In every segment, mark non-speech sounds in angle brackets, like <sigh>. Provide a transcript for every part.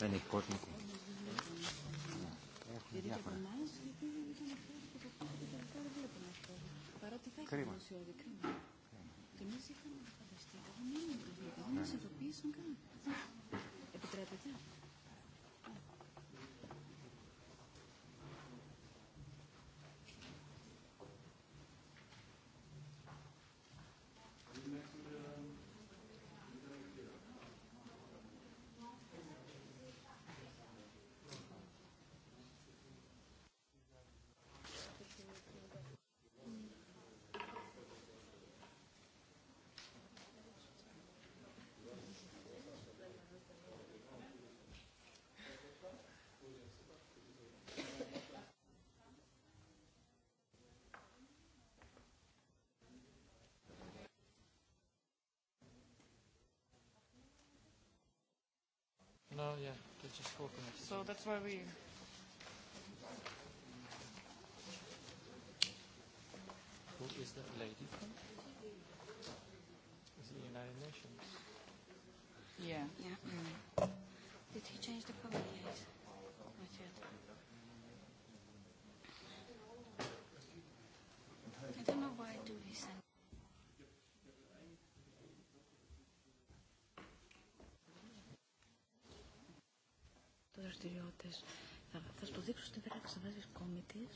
Ένα κόσμο. Έχουν διάφορα. Παρότι θα έχει δημοσιότητα, κρίμα. Και εμεί είχαμε φανταστεί. Δεν είναι το Δεν μα ειδοποίησαν καν. Επιτρέπετε. which is core committee. So that's why we Who is that lady from? Is it the United Nations? Yeah. Yeah. Mm. Did he change the cover? Yes. Not yet. I don't know why do he send committees. Θα, θα στο δείξω στην πράξη, θα βάζεις committees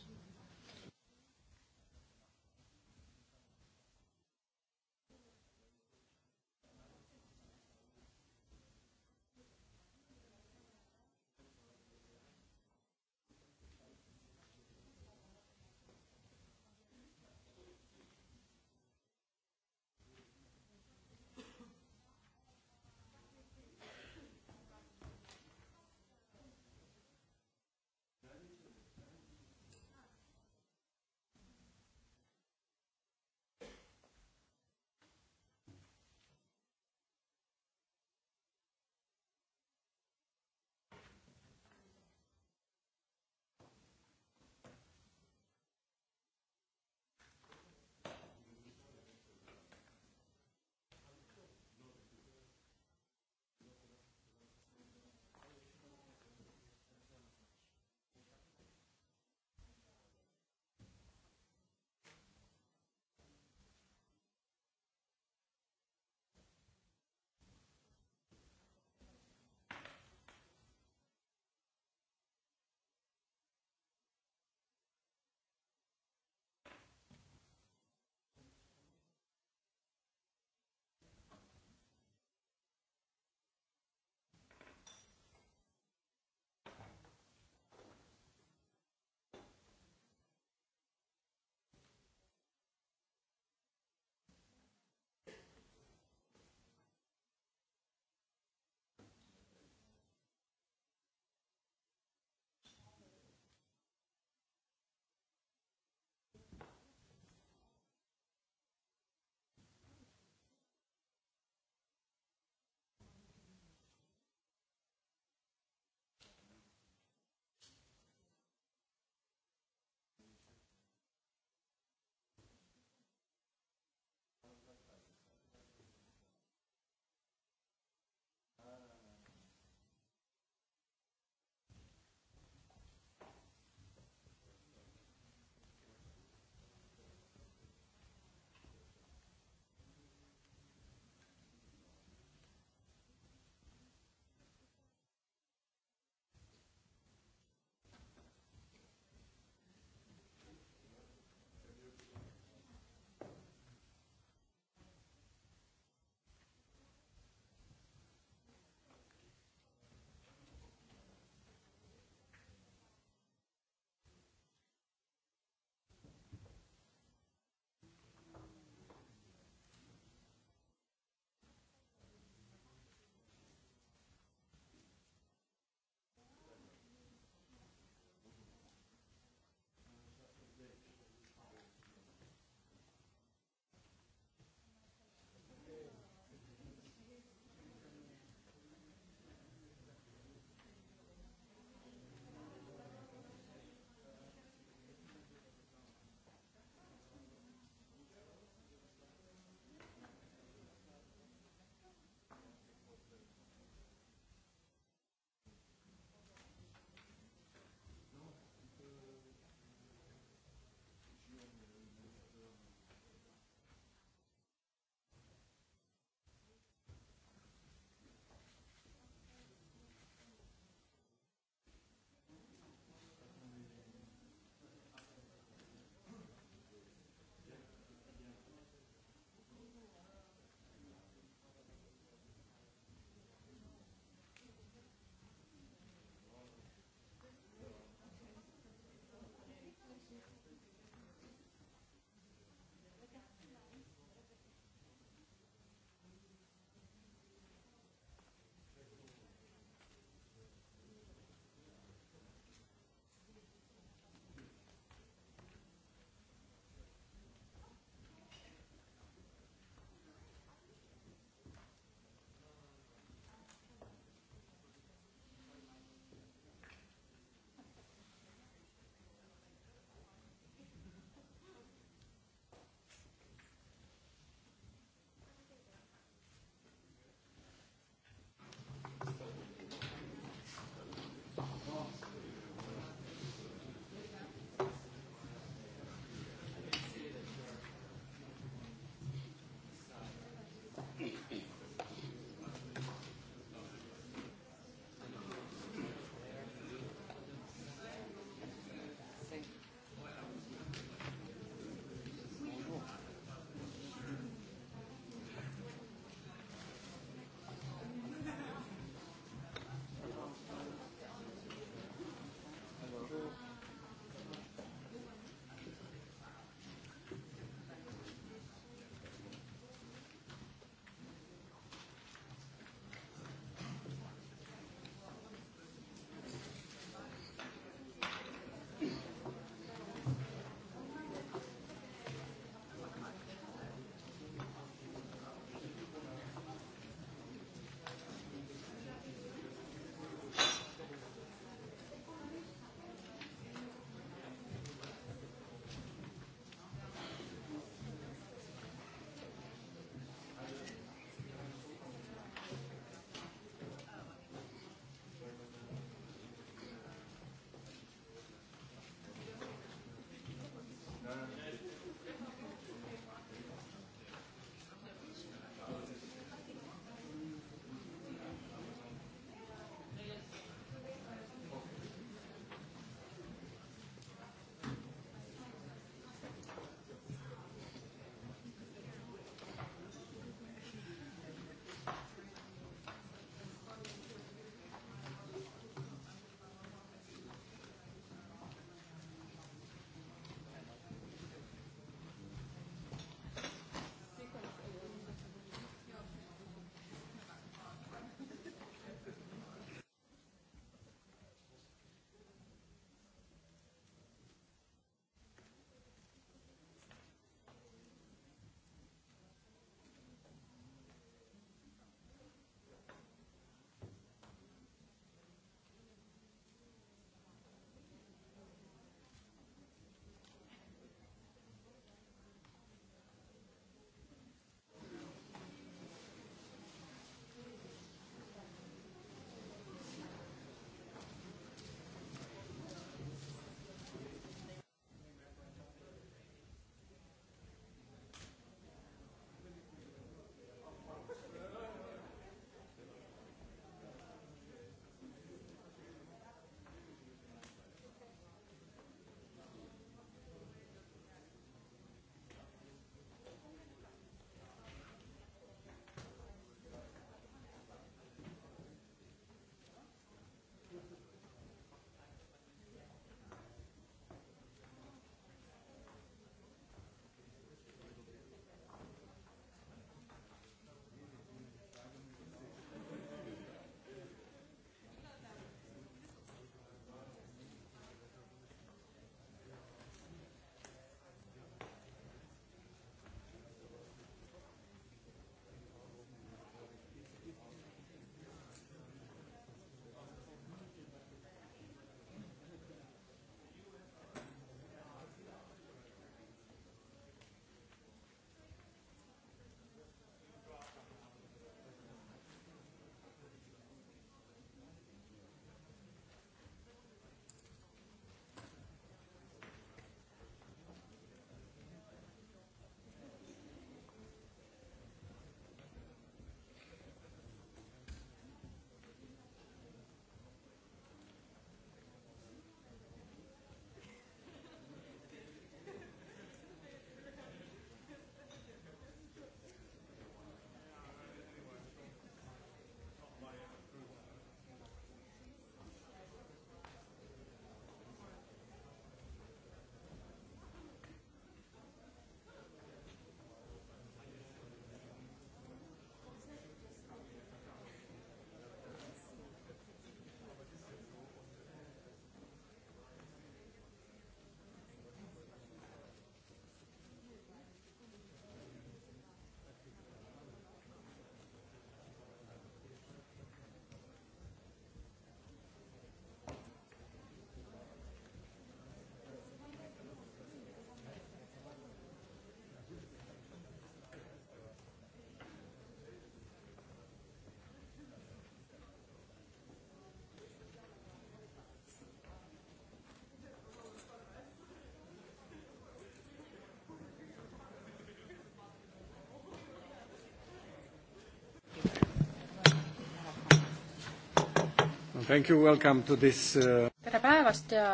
Thank you, welcome to this uh... tere päevast ja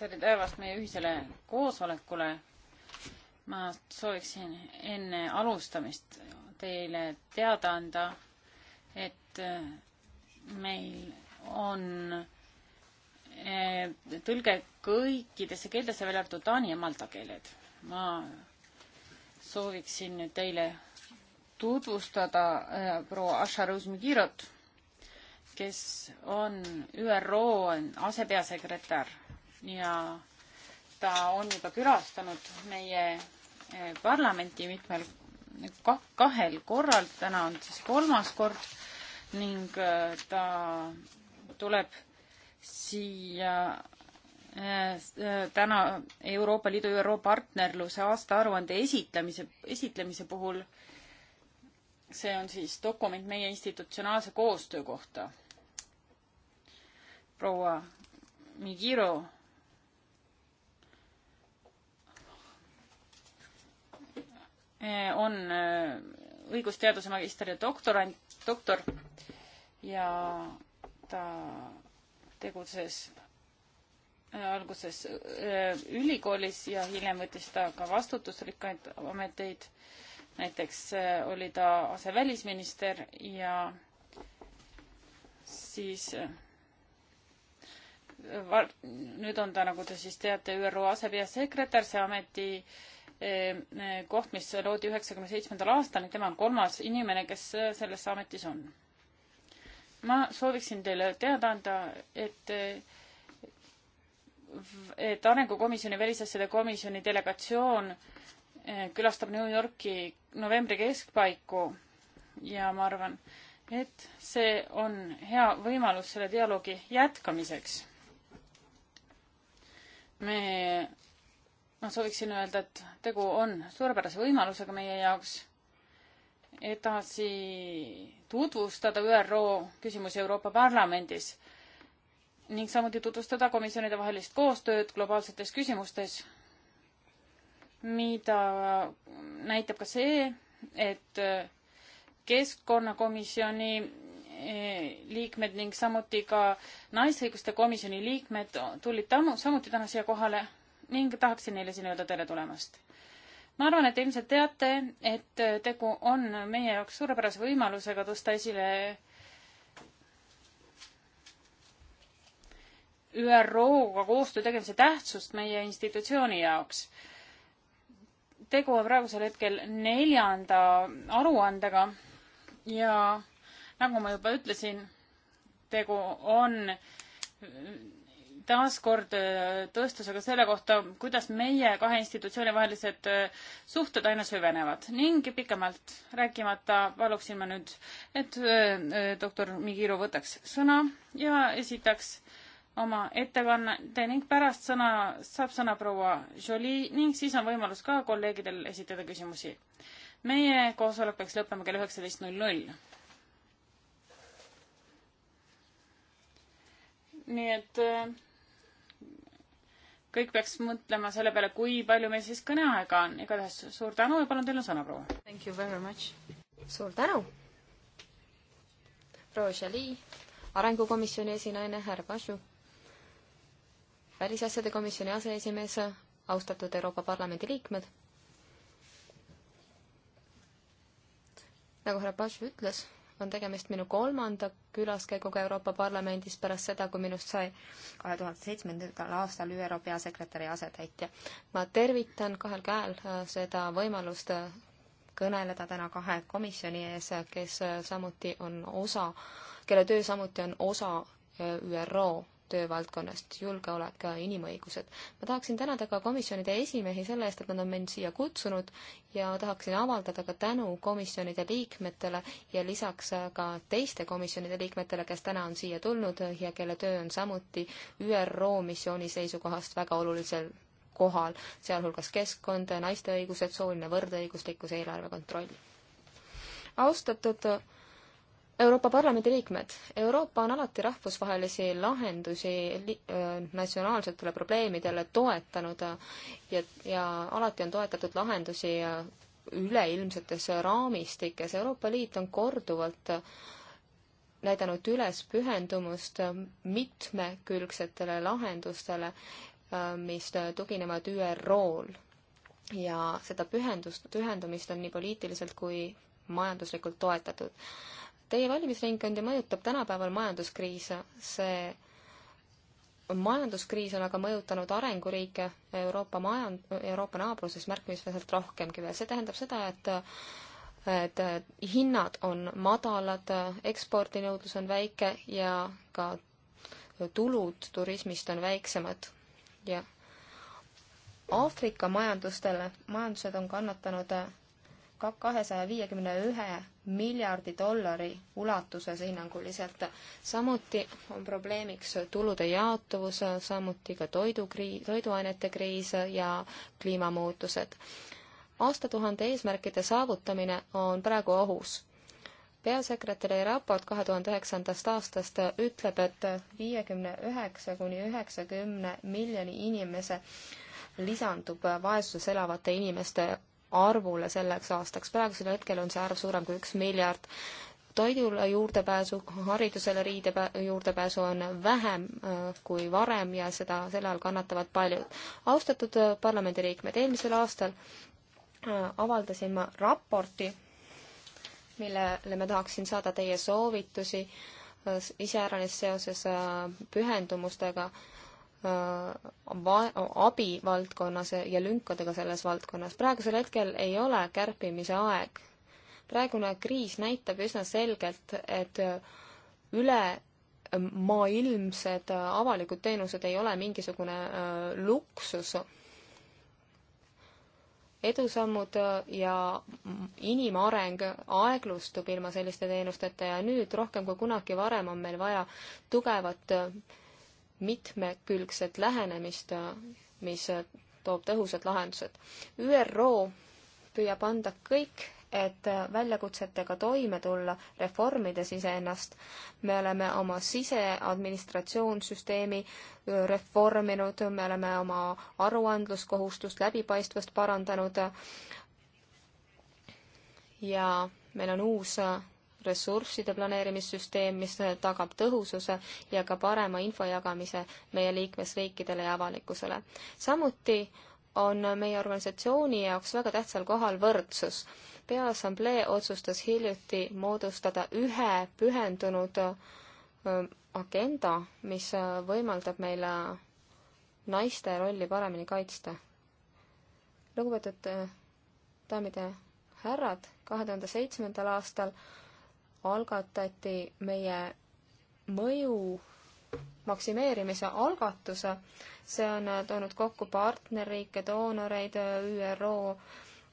tere päevast meie ühisele koosolekule. ma sooviksin enne alustamist teile teada anda, et äh, meil on äh, tõlge kõikidesse keeltesse, välja arvatud taani ja malta keeled. ma sooviksin nüüd teile tutvustada äh, proua Asha Rõusmäe Kiirot kes on ÜRO asepeasekretär ja ta on juba külastanud meie eh, parlamenti mitmel ka, kahel korral, täna on siis kolmas kord ning eh, ta tuleb siia eh, täna Euroopa Liidu ÜRO partnerluse aastaaruande esitlemise, esitlemise puhul. see on siis dokument meie institutsionaalse koostöö kohta proua Migiro. Eh, on eh, õigusteaduse magister ja doktorant, doktor ja ta tegutses eh, alguses ülikoolis ja hiljem võttis ta ka vastutusrikkaid ameteid. näiteks oli ta asevälisminister ja siis nüüd on ta, nagu te siis teate, ÜRO asepeasekretär, see ameti eh, koht, mis loodi üheksakümne seitsmendal aastal, tema on kolmas inimene, kes eh, selles ametis on. ma sooviksin teile teada anda, et eh, et Arengukomisjoni, Välisasjade Komisjoni delegatsioon külastab New Yorki novembri keskpaiku ja ma arvan, et see on hea võimalus selle dialoogi jätkamiseks me, ma sooviksin öelda, et tegu on suurepärase võimalusega meie jaoks edasi tutvustada ÜRO küsimusi Euroopa Parlamendis ning samuti tutvustada komisjonide vahelist koostööd globaalsetes küsimustes, mida näitab ka see, et keskkonnakomisjoni Eh, liikmed ning samuti ka Naisõiguste Komisjoni liikmed tulid tammu, samuti täna siia kohale ning tahaksin neile siin öelda tere tulemast. ma arvan, et ilmselt teate, et tegu on meie jaoks suurepärase võimalusega tõsta esile ÜRO-ga koostöö tegemise tähtsust meie institutsiooni jaoks. tegu on praegusel hetkel neljanda aruandega ja nagu ma juba ütlesin, tegu on taaskord tõestusega selle kohta, kuidas meie kahe institutsiooni vahelised suhted aina süvenevad ning pikemalt rääkimata paluksin ma nüüd, et äh, doktor Migiro võtaks sõna ja esitaks oma ettekande ning pärast sõna, saab sõna proua Jolie ning siis on võimalus ka kolleegidel esitada küsimusi. meie koosolek peaks lõppema kell üheksateist null null nii et äh, kõik peaks mõtlema selle peale, kui palju meil siis kõneaega on. igatahes suur tänu ja palun, teil on sõna, proua. Thank you very much. suur tänu. proua Jolie, arengukomisjoni esinaine, härra Pašu, välisasjade komisjoni aseesimees, austatud Euroopa Parlamendi liikmed. nagu härra Pašu ütles on tegemist minu kolmanda külaskäiguga Euroopa Parlamendis pärast seda, kui minust sai kahe tuhande seitsmendal aastal ÜRO peasekretäri asetäitja. ma tervitan kahel käel äh, seda võimalust äh, kõneleda täna kahe komisjoni ees, äh, kes samuti on osa, kelle töö samuti on osa ÜRO töövaldkonnast, julgeolek, inimõigused. ma tahaksin tänada ka komisjonide esimehi selle eest, et nad on mind siia kutsunud ja tahaksin avaldada ka tänu komisjonide liikmetele ja lisaks ka teiste komisjonide liikmetele, kes täna on siia tulnud ja kelle töö on samuti ÜRO missiooni seisukohast väga olulisel kohal, sealhulgas keskkond, naiste õigused, sooline võrdõiguslikkus, eelarve kontroll. austatud Euroopa Parlamendi liikmed, Euroopa on alati rahvusvahelisi lahendusi li-, natsionaalsetele probleemidele toetanud äh, ja, ja alati on toetatud lahendusi äh, üleilmsetes äh, raamistikes, Euroopa Liit on korduvalt näidanud üles pühendumust mitmekülgsetele lahendustele, mis tuginevad ÜRO-l. ja seda pühendust, pühendumist on nii poliitiliselt kui majanduslikult toetatud Teie valimisringkondi mõjutab tänapäeval majanduskriis. see majanduskriis on aga mõjutanud arenguriike Euroopa majand-, Euroopa naabruses märkimisväärselt rohkemgi veel. see tähendab seda, et et hinnad on madalad, ekspordinõudlus on väike ja ka tulud turismist on väiksemad ja Aafrika majandustele, majandused on kannatanud kahesaja viiekümne ühe miljardi dollari ulatuses hinnanguliselt. samuti on probleemiks tulude jaotuvus, samuti ka toidukriis, toiduainete kriis ja kliimamuutused. aastatuhande eesmärkide saavutamine on praegu ohus peasekretäri raport kahe tuhande üheksandast aastast ütleb, et viiekümne üheksa kuni üheksakümne miljoni inimese lisandub vaesuses elavate inimeste arvule selleks aastaks. praegusel hetkel on see arv suurem kui üks miljard. toidule juurdepääsu, haridusele riide juurdepääsu on vähem äh, kui varem ja seda, selle all kannatavad paljud. austatud äh, parlamendiliikmed, eelmisel aastal äh, avaldasin ma raporti, millele ma tahaksin saada teie soovitusi iseäranis seoses pühendumustega Äh, abi valdkonnas ja lünkadega selles valdkonnas. praegusel hetkel ei ole kärpimise aeg. praegune kriis näitab üsna selgelt, et üle maailmsed avalikud teenused ei ole mingisugune äh, luksus. edusammud äh, ja inimareng aeglustub ilma selliste teenusteta ja nüüd rohkem kui kunagi varem on meil vaja tugevat mitmekülgset lähenemist, mis toob tõhusad lahendused. ÜRO püüab anda kõik, et väljakutsetega toime tulla, reformides iseennast. me oleme oma siseadministratsioonsüsteemi reforminud, me oleme oma aruandluskohustust, läbipaistvust parandanud ja meil on uus ressursside planeerimissüsteem, mis tagab tõhususe ja ka parema info jagamise meie liikmesriikidele ja avalikkusele. samuti on meie organisatsiooni jaoks väga tähtsal kohal võrdsus. peaassamblee otsustas hiljuti moodustada ühe pühendunud ähm, agenda, mis võimaldab meile äh, naiste rolli paremini kaitsta. lugupeetud äh, daamid ja härrad, kahe tuhande seitsmendal aastal algatati meie mõju maksimeerimise algatuse, see on äh, toonud kokku partnerriike, doonoreid, äh, ÜRO,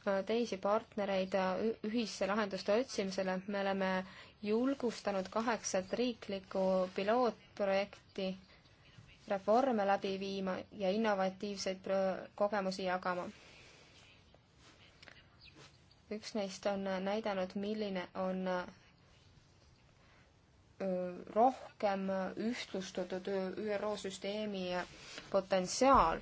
äh, teisi partnereid ühisse lahenduste otsimisele, me oleme julgustanud kaheksat riiklikku pilootprojekti reforme läbi viima ja innovatiivseid kogemusi jagama üks neist on näidanud, milline on rohkem ühtlustatud ÜRO süsteemi potentsiaal.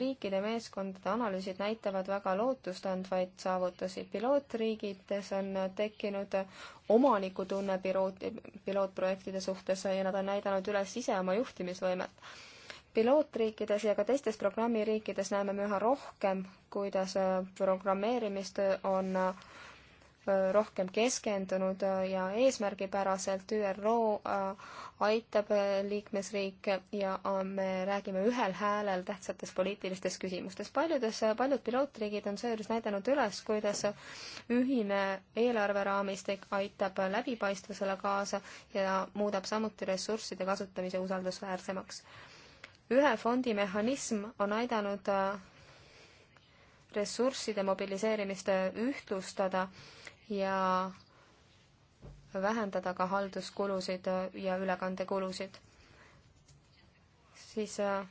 riikide meeskondade analüüsid näitavad väga lootustandvaid saavutusi. pilootriigides on tekkinud omanikutunne piloot, pilootprojektide suhtes ja nad on näidanud üles ise oma juhtimisvõimet. pilootriikides ja ka teistes programmiriikides näeme me üha rohkem, kuidas programmeerimist on äh, Äh, rohkem keskendunud äh, ja eesmärgipäraselt. ÜRO äh, aitab liikmesriike ja me räägime ühel häälel tähtsates poliitilistes küsimustes. paljudes, paljud pilootriigid on seejuures näidanud üles, kuidas ühine eelarveraamistik aitab läbipaistvusele kaasa ja muudab samuti ressursside kasutamise usaldusväärsemaks. ühe fondi mehhanism on aidanud ressursside mobiliseerimist ühtlustada ja vähendada ka halduskulusid ja ülekandekulusid. siis äh,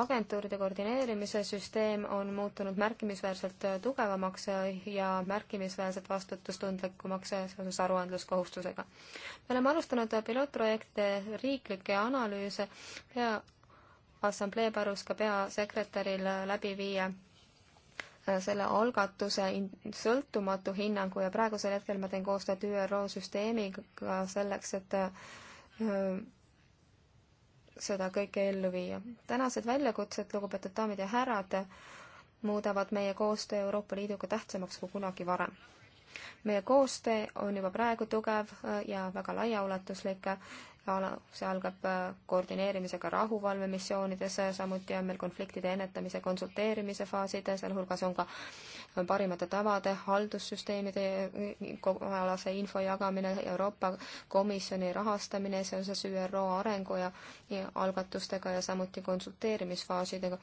agentuuride koordineerimise süsteem on muutunud märkimisväärselt äh, tugevamaks äh, ja märkimisväärselt vastutustundlikumaks seoses aruandluskohustusega. me oleme alustanud pilootprojektide riiklikke analüüse ja assamblee palus ka peasekretäril läbi viia selle algatuse sõltumatu hinnangu ja praegusel hetkel ma teen koostööd ÜRO süsteemiga selleks, et äh, seda kõike ellu viia. tänased väljakutsed, lugupeetud daamid ja härrad, muudavad meie koostöö Euroopa Liiduga tähtsamaks kui kunagi varem meie koostöö on juba praegu tugev äh, ja väga laiaulatuslik see algab äh, koordineerimisega rahuvalvemissioonides, äh, samuti on meil konfliktide ennetamise konsulteerimise faasid, äh, sealhulgas on ka parimate tavade, haldussüsteemide alase info jagamine, Euroopa Komisjoni rahastamine seoses ÜRO arengu ja algatustega ja samuti konsulteerimisfaasidega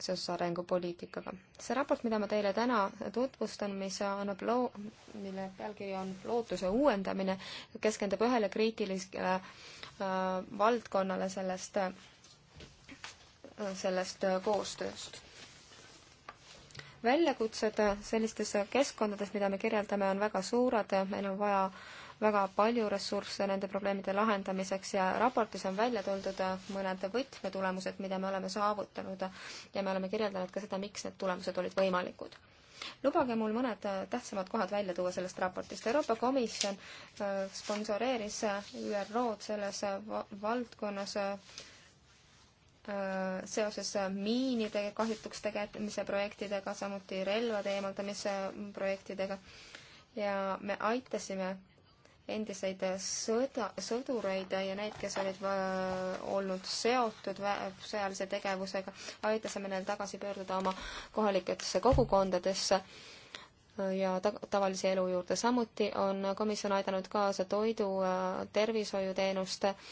seoses arengupoliitikaga. see raport, mida ma teile täna tutvustan, mis annab loo, mille pealkiri on Lootuse uuendamine, keskendub ühele kriitilisele äh, valdkonnale sellest äh,, sellest äh, koostööst. väljakutsed sellistes keskkondades, mida me kirjeldame, on väga suured, meil on vaja äh, väga palju ressursse nende probleemide lahendamiseks ja raportis on välja toodud mõned võtmetulemused, mida me oleme saavutanud ja me oleme kirjeldanud ka seda, miks need tulemused olid võimalikud lubage mul mõned tähtsamad kohad välja tuua sellest raportist. Euroopa Komisjon äh, sponsoreeris äh, ÜRO-d selles äh, valdkonnas seoses miinide kahjutuks tegemise projektidega, samuti relvade eemaldamise projektidega ja me aitasime endiseid sõda, sõdureid ja neid, kes olid äh, olnud seotud sõjalise tegevusega, aitasime neil tagasi pöörduda oma kohalikesse kogukondadesse äh, ja ta-, tavalise elu juurde. samuti on komisjon aidanud kaasa toidu, äh, tervishoiuteenuste äh,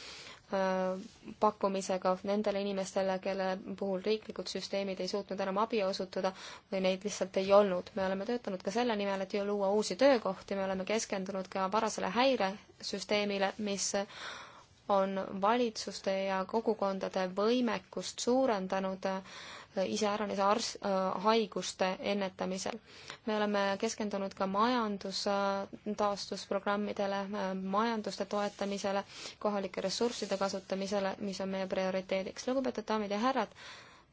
Äh, pakkumisega nendele inimestele, kelle puhul riiklikud süsteemid ei suutnud enam abi osutada või neid lihtsalt ei olnud. me oleme töötanud ka selle nimel, et ju luua uusi töökohti, me oleme keskendunud ka varasele häiresüsteemile, mis on valitsuste ja kogukondade võimekust suurendanud äh, iseäranis ars-, äh, haiguste ennetamisel. me oleme keskendunud ka majandustaastusprogrammidele, äh, äh, majanduste toetamisele, kohalike ressursside kasutamisele, mis on meie prioriteediks. lugupeetud daamid ja härrad,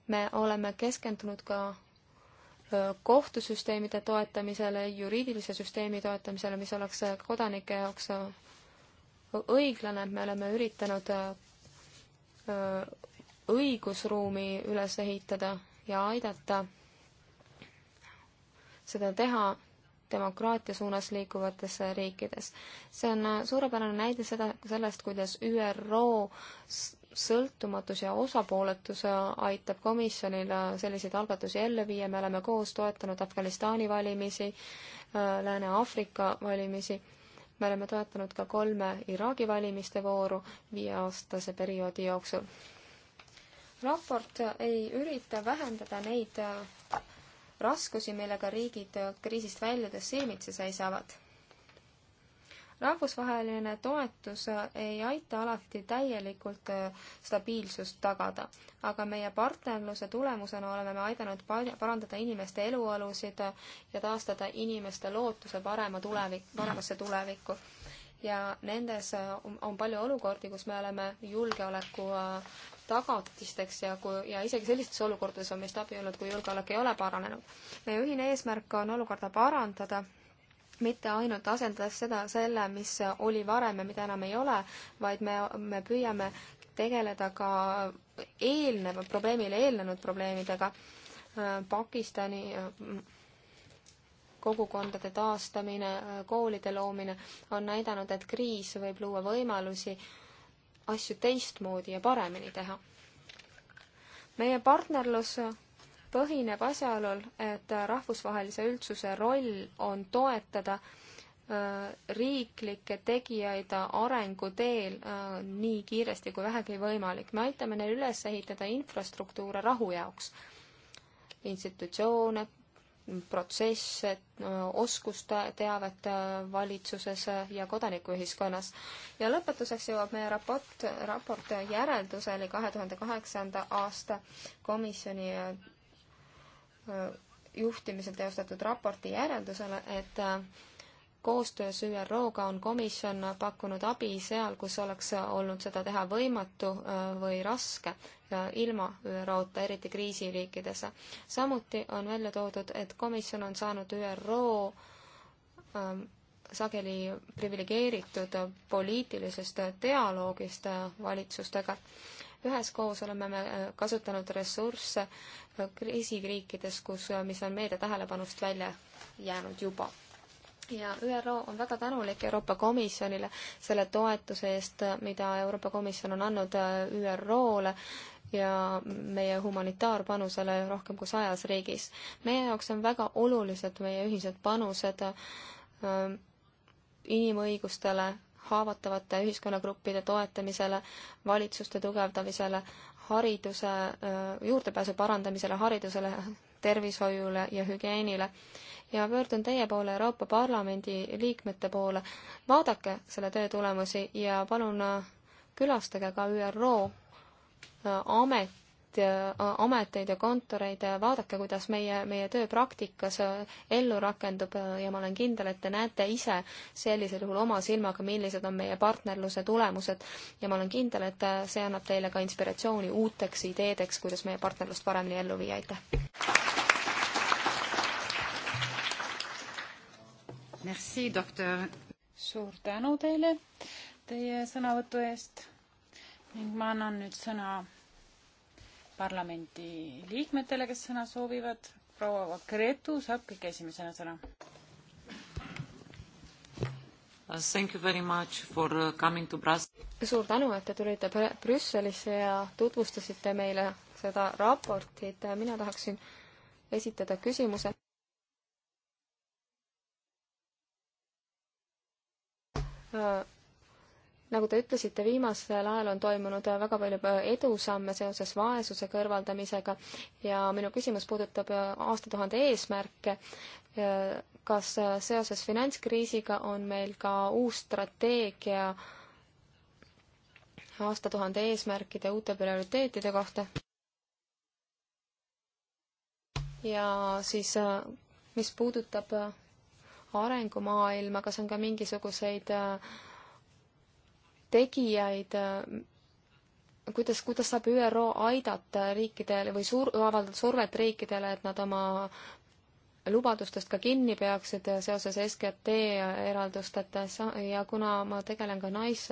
me oleme keskendunud ka kohtusüsteemide toetamisele, juriidilise süsteemi toetamisele, mis oleks kodanike jaoks õiglane, me oleme üritanud õigusruumi üles ehitada ja aidata seda teha demokraatia suunas liikuvates riikides. see on äh, suurepärane näide seda, sellest, kuidas ÜRO sõltumatus ja osapooletus äh, aitab komisjonil äh, selliseid algatusi ellu viia, me oleme koos toetanud Afganistani valimisi, Lääne-Aafrika valimisi, me oleme toetanud ka kolme Iraagi valimiste vooru viieaastase perioodi jooksul raport ei ürita vähendada neid äh, raskusi, millega riigid äh, kriisist väljudes silmitsi seisavad. rahvusvaheline toetus äh, ei aita alati täielikult stabiilsust tagada, aga meie partnerluse tulemusena oleme me aidanud parandada inimeste eluolusid ja taastada inimeste lootuse parema tulevik, paremasse tulevikku. ja nendes on palju olukordi, kus me oleme julgeoleku tagatisteks ja kui, ja isegi sellistes olukordades on meist abi olnud, kui julgeolek ei ole paranenud. meie ühine eesmärk on olukorda parandada, mitte ainult asendades seda, selle, mis oli varem ja mida enam ei ole, vaid me, me püüame tegeleda ka eelneva, probleemile eelnenud probleemidega. Pakistani kogukondade taastamine, koolide loomine on näidanud, et kriis võib luua võimalusi äh, asju teistmoodi ja paremini teha. meie partnerlus põhineb asjaolul, et rahvusvahelise üldsuse roll on toetada äh, riiklikke tegijaid arengu teel äh, nii kiiresti kui vähegi võimalik. me aitame neil üles ehitada infrastruktuure rahu jaoks, institutsioone, protsesse, oskusteavet valitsuses ja kodanikuühiskonnas. ja lõpetuseks jõuab meie raport, raport järelduseni kahe tuhande kaheksanda aasta komisjoni äh, juhtimisel teostatud raporti järeldusele, et äh, koostöös ÜRO-ga on komisjon pakkunud abi seal, kus oleks olnud seda teha võimatu äh, või raske ilma ÜRO-ta, eriti kriisiriikides. samuti on välja toodud, et komisjon on saanud ÜRO ähm, sageli priviligeeritud poliitilisest dialoogist äh, valitsustega. üheskoos oleme me äh, kasutanud ressursse kriisiriikides, kus, mis on meedia tähelepanust välja jäänud juba ja ÜRO on väga tänulik Euroopa Komisjonile selle toetuse eest, mida Euroopa Komisjon on andnud äh, ÜRO-le ja meie humanitaarpanusele rohkem kui sajas riigis. meie jaoks on väga olulised meie ühised panused äh, inimõigustele, haavatavate ühiskonnagruppide toetamisele, valitsuste tugevdamisele, hariduse, äh, juurdepääsu parandamisele haridusele, tervishoiule ja hügieenile. ja pöördun teie poole, Euroopa Parlamendi liikmete poole, vaadake selle töö tulemusi ja palun äh, külastage ka ÜRO äh, amet, amet, äh, ameteid ja kontoreid, äh, vaadake, kuidas meie, meie töö praktikas äh, ellu rakendub ja ma olen kindel, et te näete ise sellisel juhul oma silmaga, millised on meie partnerluse tulemused ja ma olen kindel, et see annab teile ka inspiratsiooni uuteks ideedeks, kuidas meie partnerlust paremini ellu viia, aitäh! Merci, doktor. suur tänu teile teie sõnavõtu eest ning ma annan nüüd sõna parlamendi liikmetele, kes sõna soovivad. proua Kretu saab kõige esimesena sõna. Uh, thank you very much for uh, coming to Brussels. suur tänu, et te tulite Brüsselisse ja tutvustasite meile seda raportit. mina tahaksin esitada küsimuse. Uh, nagu te ütlesite, viimasel ajal on toimunud väga palju edusamme seoses vaesuse kõrvaldamisega ja minu küsimus puudutab aastatuhande eesmärke. kas seoses finantskriisiga on meil ka uus strateegia aastatuhande eesmärkide uute prioriteetide kohta? ja siis, mis puudutab arengumaailma, kas on ka mingisuguseid äh, tegijaid, kuidas, kuidas saab ÜRO aidata riikidele või sur-, avaldada survet riikidele, et nad oma lubadustest ka kinni peaksid seoses SKT eraldustes ja kuna ma tegelen ka nais,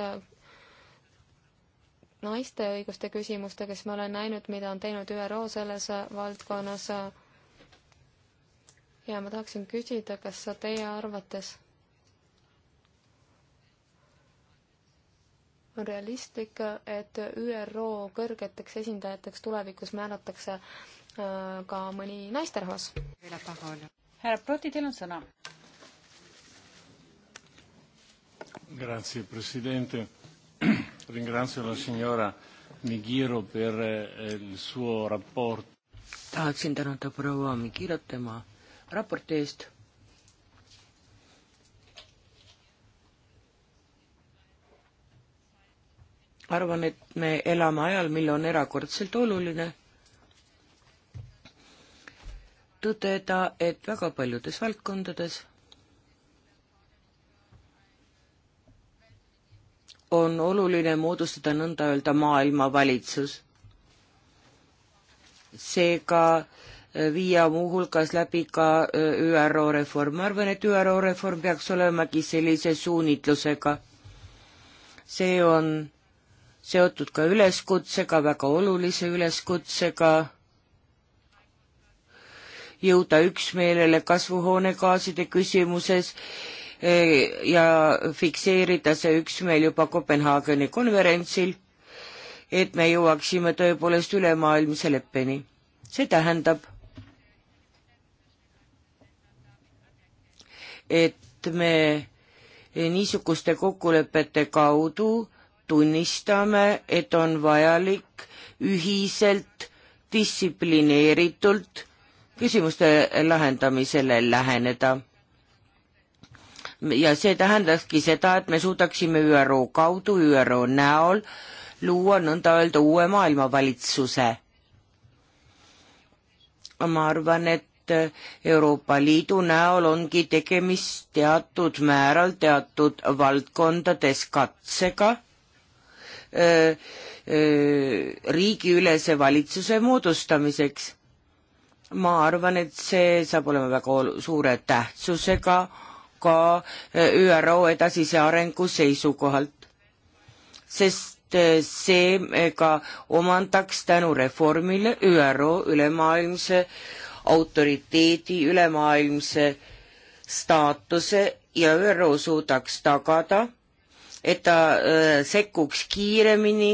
naiste õiguste küsimustega, siis ma olen näinud, mida on teinud ÜRO selles valdkonnas. ja ma tahaksin küsida, kas teie arvates on realistlik, et ÜRO kõrgeteks esindajateks tulevikus määratakse äh, ka mõni naisterahvas. härra Proti, teil on sõna. Grazie Presidente, <clears throat> ringrazio la signora Migiro per eh, il suo rapporto. tahaksin tänada proua Migirot tema raporti eest arvan, et me elame ajal, mil on erakordselt oluline tõdeda, et väga paljudes valdkondades on oluline moodustada nõnda öelda maailmavalitsus. seega e, viia muuhulgas läbi ka e, ÜRO reform. ma arvan, et ÜRO reform peaks olemagi sellise suunitlusega. see on seotud ka üleskutsega, väga olulise üleskutsega jõuda üksmeelele kasvuhoonegaaside küsimuses e, ja fikseerida see üksmeel juba Kopenhaageni konverentsil, et me jõuaksime tõepoolest ülemaailmse leppeni. see tähendab, et me niisuguste kokkulepete kaudu tunnistame, et on vajalik ühiselt, distsiplineeritult küsimuste lahendamisele läheneda. ja see tähendakski seda, et me suudaksime ÜRO kaudu, ÜRO näol luua nõnda öelda uue maailmavalitsuse. ma arvan, et Euroopa Liidu näol ongi tegemist teatud määral teatud valdkondades katsega Äh, äh, riigiülese valitsuse moodustamiseks. ma arvan, et see saab olema väga suure tähtsusega ka äh, ÜRO edasise arengu seisukohalt, sest see ka omandaks tänu reformile ÜRO ülemaailmse autoriteedi, ülemaailmse staatuse ja ÜRO suudaks tagada et ta äh, sekkuks kiiremini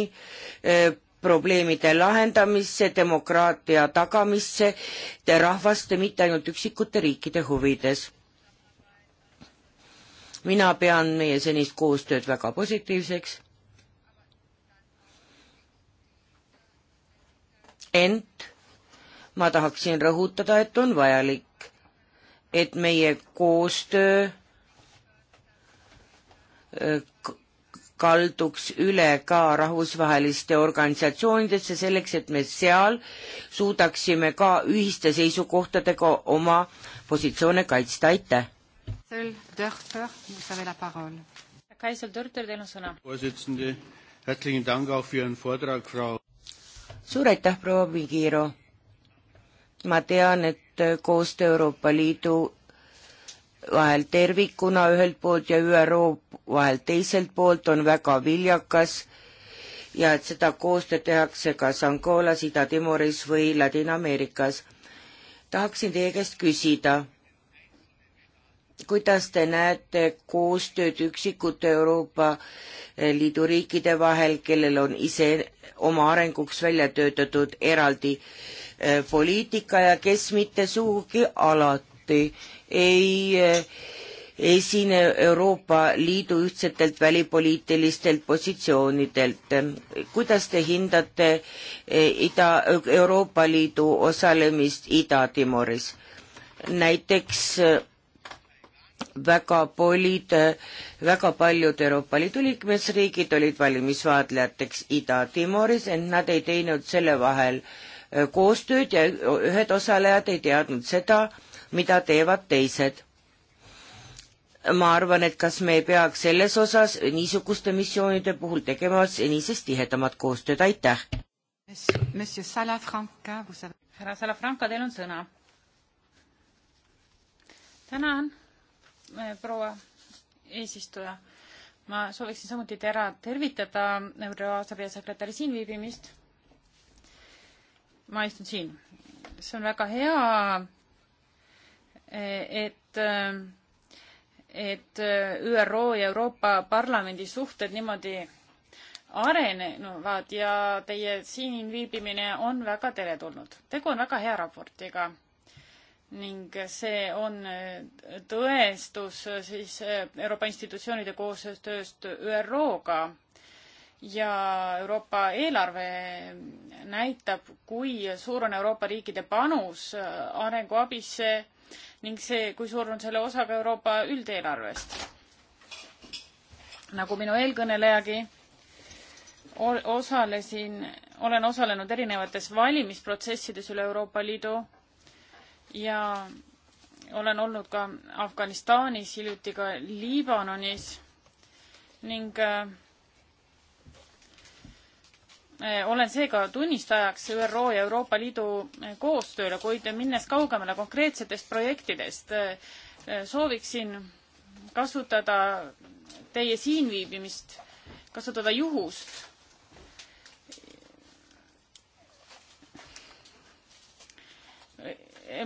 äh, probleemide lahendamisse, demokraatia tagamisse te rahvaste, mitte ainult üksikute riikide huvides. mina pean meie senist koostööd väga positiivseks. ent ma tahaksin rõhutada, et on vajalik, et meie koostöö kalduks üle ka rahvusvaheliste organisatsioonidesse selleks, et me seal suudaksime ka ühiste seisukohtadega oma positsioone kaitsta, aitäh! Kaisel Dörter, teil on sõna. suur aitäh, proua Migiro! ma tean, et koostöö Euroopa Liidu vahel tervikuna ühelt poolt ja ÜRO vahel teiselt poolt on väga viljakas ja et seda koostööd tehakse kas Angolas, Ida-Timoris või Ladina-Ameerikas. tahaksin teie käest küsida, kuidas te näete koostööd üksikute Euroopa eh, Liidu riikide vahel, kellel on ise oma arenguks välja töötatud eraldi eh, poliitika ja kes mitte sugugi alati ei esine eh, Euroopa Liidu ühtsetelt välipoliitilistelt positsioonidelt. kuidas te hindate eh, Ida, Euroopa Liidu osalemist Ida-Timoris? näiteks eh, väga polid, väga paljud Euroopa Liidu liikmesriigid olid valimisvaatlejateks Ida-Timoris, ent nad ei teinud selle vahel koostööd ja ühed osalejad ei teadnud seda, mida teevad teised. ma arvan, et kas me ei peaks selles osas niisuguste missioonide puhul tegema senisest tihedamat koostööd, aitäh! härra Salafranca, teil on sõna. tänan, eh, proua eesistuja ma sooviksin samuti tera-, tervitada Euroopa peasekretäri siinviibimist. ma istun siin. see on väga hea et, et ÜRO ja Euroopa Parlamendi suhted niimoodi arenevad ja teie siin viibimine on väga teretulnud. tegu on väga hea raportiga ning see on tõestus siis Euroopa institutsioonide koostööst ÜRO-ga ja Euroopa eelarve näitab, kui suur on Euroopa riikide panus arenguabisse ning see, kui suur on selle osa ka Euroopa üldeelarvest. nagu minu eelkõnelejagi, osalesin, olen osalenud erinevates valimisprotsessides üle Euroopa Liidu ja olen olnud ka Afganistanis, hiljuti ka Liibanonis ning äh, Eh, olen seega tunnistajaks ÜRO ja Euroopa Liidu eh, koostööle, kuid minnes kaugemale konkreetsetest projektidest, eh, sooviksin kasutada teie siinviibimist, kasutada juhust.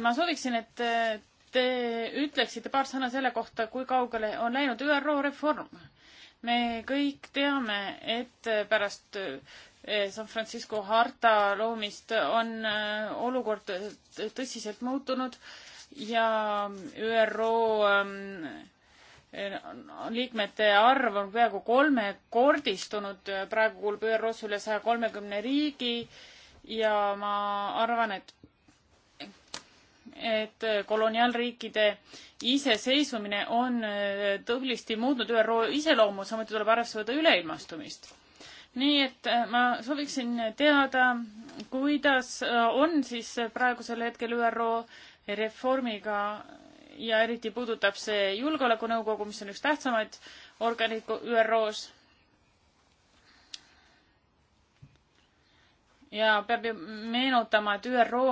ma sooviksin, et te ütleksite paar sõna selle kohta, kui kaugele on läinud ÜRO reform. me kõik teame, et pärast Eh, San Francisco harta loomist on eh, olukord tõsiselt muutunud ja ÜRO ehm, eh, liikmete arv on peaaegu kolmekordistunud, praegu kuulub ÜRO-s üle saja kolmekümne riigi ja ma arvan, et et koloniaalriikide iseseisvumine on tublisti muutnud ÜRO iseloomu, samuti tuleb arvesse võtta üleilmastumist nii et äh, ma sooviksin teada, kuidas äh, on siis praegusel hetkel ÜRO reformiga ja eriti puudutab see Julgeolekunõukogu, mis on üks tähtsamaid organeid ÜRO-s. ja peab ju meenutama, et ÜRO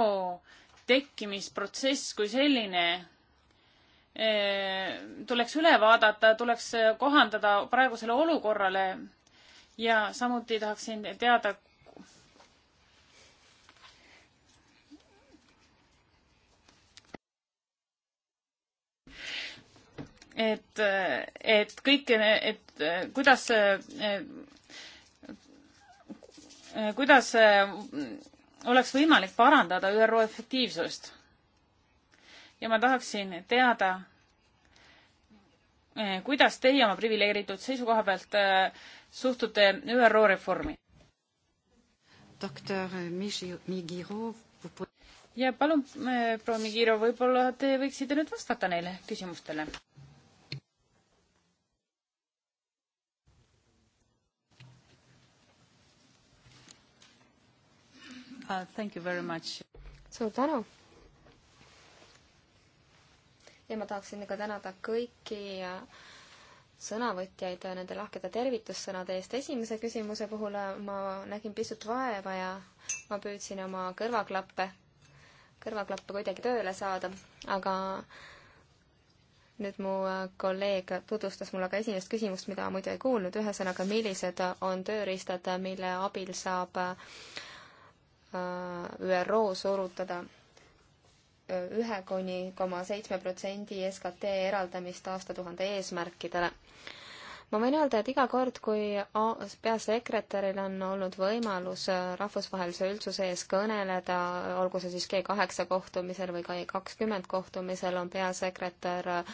tekkimisprotsess kui selline äh, tuleks üle vaadata, tuleks kohandada praegusele olukorrale ja samuti tahaksin teada, et, et kõik, et kuidas, kuidas oleks võimalik parandada ÜRO efektiivsust. ja ma tahaksin teada, kuidas teie oma priviligeeritud seisukoha pealt suhtute ÜRO reformi? doktor Migiro. ja palun, äh, proua Migiro, võib-olla te võiksite nüüd vastata neile küsimustele? Uh, thank you very much. suur tänu. ja ma tahaksin ka tänada kõiki uh, sõnavõtjaid nende lahkede tervitussõnade eest. esimese küsimuse puhul äh, ma nägin pisut vaeva ja ma püüdsin oma kõrvaklappe, kõrvaklappe kuidagi tööle saada, aga nüüd mu äh, kolleeg tutvustas mulle ka esimest küsimust, mida ma muidu ei kuulnud, ühesõnaga, millised on tööriistad, mille abil saab äh, ÜRO surutada ühe kuni koma seitsme protsendi SKT eraldamist aastatuhande eesmärkidele. ma võin öelda, et iga kord, kui peasekretäril on olnud võimalus äh, rahvusvahelise üldsuse ees kõneleda, olgu see siis G kaheksa kohtumisel või ka E kakskümmend kohtumisel, on peasekretär äh,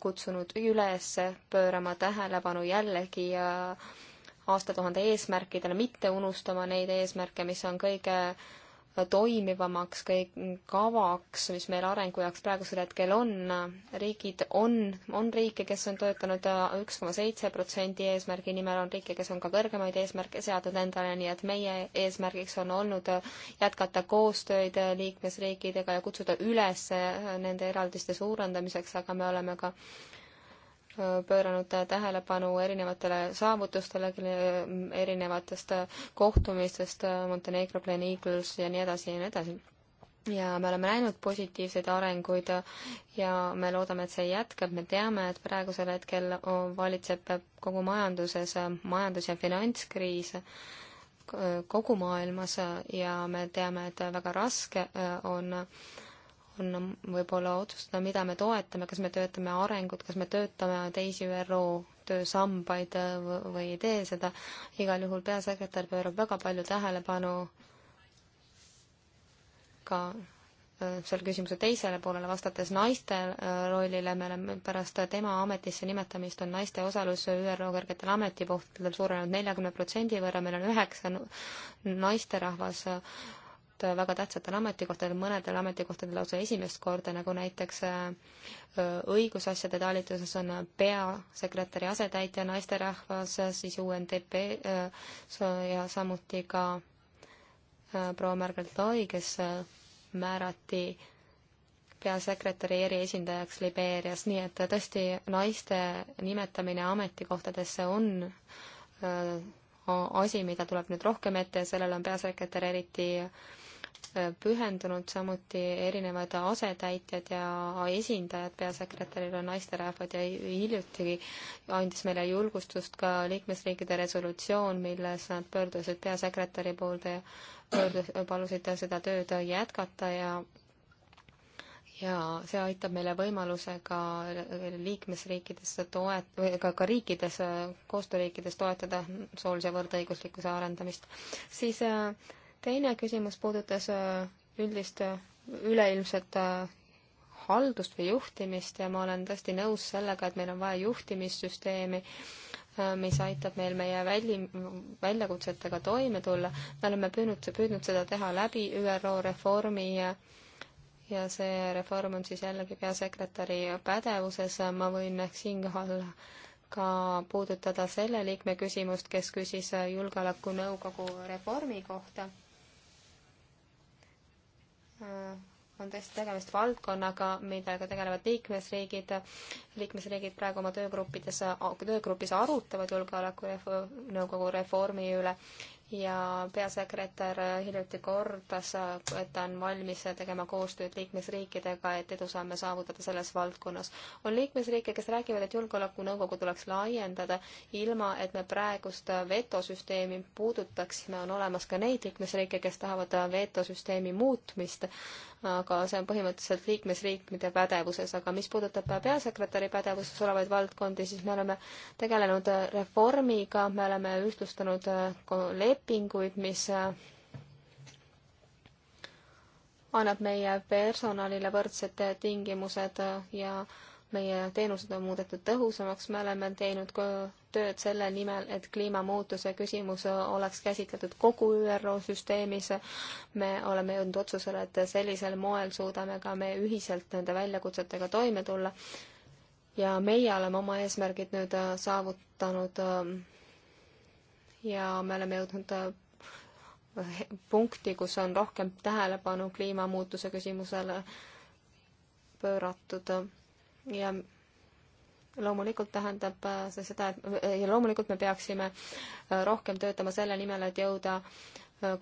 kutsunud üles pöörama tähelepanu jällegi äh, aastatuhande eesmärkidele, mitte unustama neid eesmärke, mis on kõige toimivamaks kõik kavaks, mis meil arengu jaoks praegusel hetkel on. riigid on, on riike, kes on töötanud üks koma seitse protsendi eesmärgi nimel, on riike, kes on ka kõrgemaid eesmärke seadnud endale, nii et meie eesmärgiks on olnud jätkata koostööd liikmesriikidega ja kutsuda üles nende eraldiste suurendamiseks, aga me oleme ka pööranud tähelepanu erinevatele saavutustele erinevatest kohtumistest Montenegro Glen Eagles ja nii edasi ja nii edasi. ja me oleme näinud positiivseid arenguid ja me loodame, et see jätkab, me teame, et praegusel hetkel valitseb kogu majanduses majandus- ja finantskriis kogu maailmas ja me teame, et väga raske on panna, võib-olla otsustada, mida me toetame, kas me töötame arengut, kas me töötame teisi ÜRO töösambaid või ei tee seda. igal juhul peasekretär pöörab väga palju tähelepanu ka äh, selle küsimuse teisele poolele vastates naiste äh, rollile, me oleme pärast tema ametisse nimetamist on naiste osalus ÜRO kõrgetel ametipuhtadel suurenenud neljakümne protsendi võrra, meil on üheksa naisterahvas väga tähtsatel ametikohtadel, mõnedel ametikohtadel lausa esimest korda, nagu näiteks äh, õigusasjade talituses on peasekretäri asetäitja naisterahvas, siis UNDP äh, ja samuti ka äh, proua Margaret Loi, kes määrati peasekretäri eriesindajaks Libeerias, nii et tõesti naiste nimetamine ametikohtadesse on asi, mida tuleb nüüd rohkem ette ja sellel on peasekretär eriti pühendunud, samuti erinevad asetäitjad ja esindajad, peasekretäril on naisterahvad ja hiljutigi andis meile julgustust ka liikmesriikide resolutsioon, milles nad pöördusid peasekretäri poolde ja pöördus, palusid seda tööd jätkata ja ja see aitab meile võimaluse ka liikmesriikides toet-, või ka, ka riikides, koostööriikides toetada soolise võrdõiguslikkuse arendamist. siis äh, teine küsimus puudutas äh, üldist äh, üleilmset äh, haldust või juhtimist ja ma olen tõesti nõus sellega, et meil on vaja juhtimissüsteemi, mis aitab meil meie väli, väljakutsetega toime tulla. me oleme püüdnud, püüdnud seda teha läbi ÜRO reformi ja ja see reform on siis jällegi peasekretäri pädevuses, ma võin ehk siinkohal ka puudutada selle liikme küsimust, kes küsis Julgeolekunõukogu reformi kohta Äh, on tõesti tegemist valdkonnaga, millega tegelevad liikmesriigid. liikmesriigid praegu oma töögruppides, töögrupis arutavad julgeolekunõukogu reformi üle ja peasekretär hiljuti kordas, et ta on valmis tegema koostööd liikmesriikidega, et edusamme saavutada selles valdkonnas. on liikmesriike, kes räägivad, et Julgeolekunõukogu tuleks laiendada, ilma et me praegust vetosüsteemi puudutaksime, on olemas ka neid liikmesriike, kes tahavad vetosüsteemi muutmist aga see on põhimõtteliselt liikmesriikide pädevuses, aga mis puudutab peasekretäri pädevuses olevaid valdkondi, siis me oleme tegelenud reformiga, me oleme ühtlustanud äh, lepinguid, mis äh, annab meie personalile võrdsed tingimused äh, ja meie teenused on muudetud tõhusamaks, me oleme teinud tööd selle nimel, et kliimamuutuse küsimus oleks käsitletud kogu ÜRO süsteemis. me oleme jõudnud otsusele, et sellisel moel suudame ka me ühiselt nende väljakutsetega toime tulla. ja meie oleme oma eesmärgid nüüd äh, saavutanud äh, ja me oleme jõudnud äh, punkti, kus on rohkem tähelepanu kliimamuutuse küsimusele pööratud ja loomulikult tähendab äh, see seda, et äh, ja loomulikult me peaksime äh, rohkem töötama selle nimel, et jõuda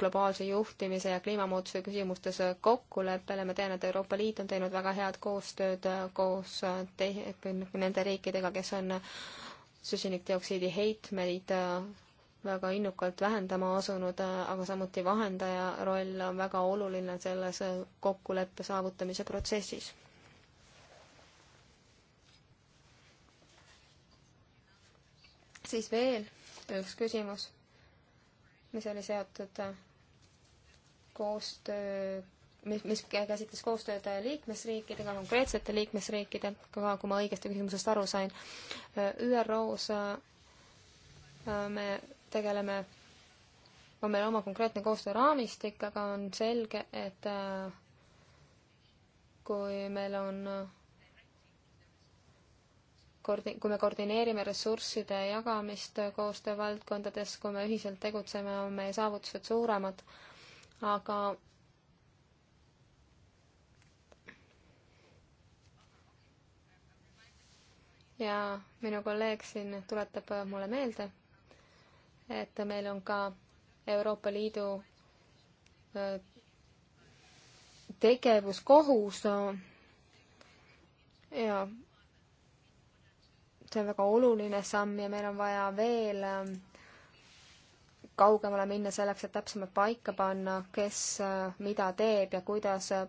globaalse juhtimise ja kliimamuutuse küsimustes kokkuleppele, ma tean, et Euroopa Liit on teinud väga head koostööd koos te-, nende riikidega, kes on süsinikdioksiidi heitmeid väga innukalt vähendama asunud, aga samuti vahendaja roll on väga oluline selles kokkuleppe saavutamise protsessis siis veel üks küsimus, mis oli seotud äh, koostöö, mis, mis käsitles koostööd äh, liikmesriikidega, konkreetsete liikmesriikidega, kui ma õigesti küsimusest aru sain. Äh, ÜRO-s me tegeleme, on meil oma konkreetne koostööraamistik, aga on selge, et kui meil on koordi-, kui me koordineerime ressursside jagamist koostöövaldkondades, kui me ühiselt tegutseme, on meie saavutused suuremad, aga ja minu kolleeg siin tuletab mulle meelde, et meil on ka Euroopa Liidu tegevuskohus ja see on väga oluline samm ja meil on vaja veel ähm, kaugemale minna selleks, et täpsemalt paika panna, kes äh, mida teeb ja kuidas äh,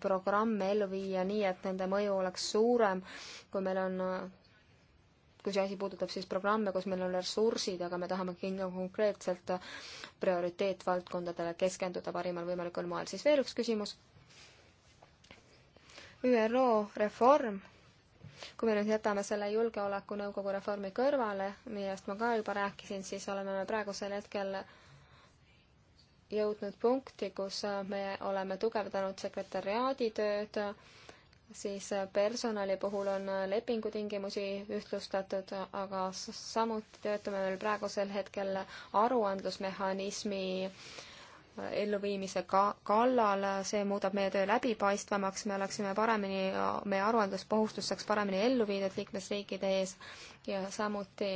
programme ellu viia nii, et nende mõju oleks suurem, kui meil on, äh, kui see asi puudutab siis programme, kus meil on ressursid, aga me tahame kindla konkreetselt prioriteetvaldkondadele keskenduda parimal võimalikul moel. siis veel üks küsimus. ÜRO reform kui me nüüd jätame selle Julgeolekunõukogu reformi kõrvale, millest ma ka juba rääkisin, siis oleme me praegusel hetkel jõudnud punkti, kus me oleme tugevdanud sekretäriaadi tööd, siis personali puhul on lepingutingimusi ühtlustatud, aga samuti töötame veel praegusel hetkel aruandlusmehhanismi äh, elluviimise ka-, kallal, see muudab meie töö läbipaistvamaks, me oleksime paremini, meie aruandluskohustus saaks paremini ellu viidud liikmesriikide ees ja samuti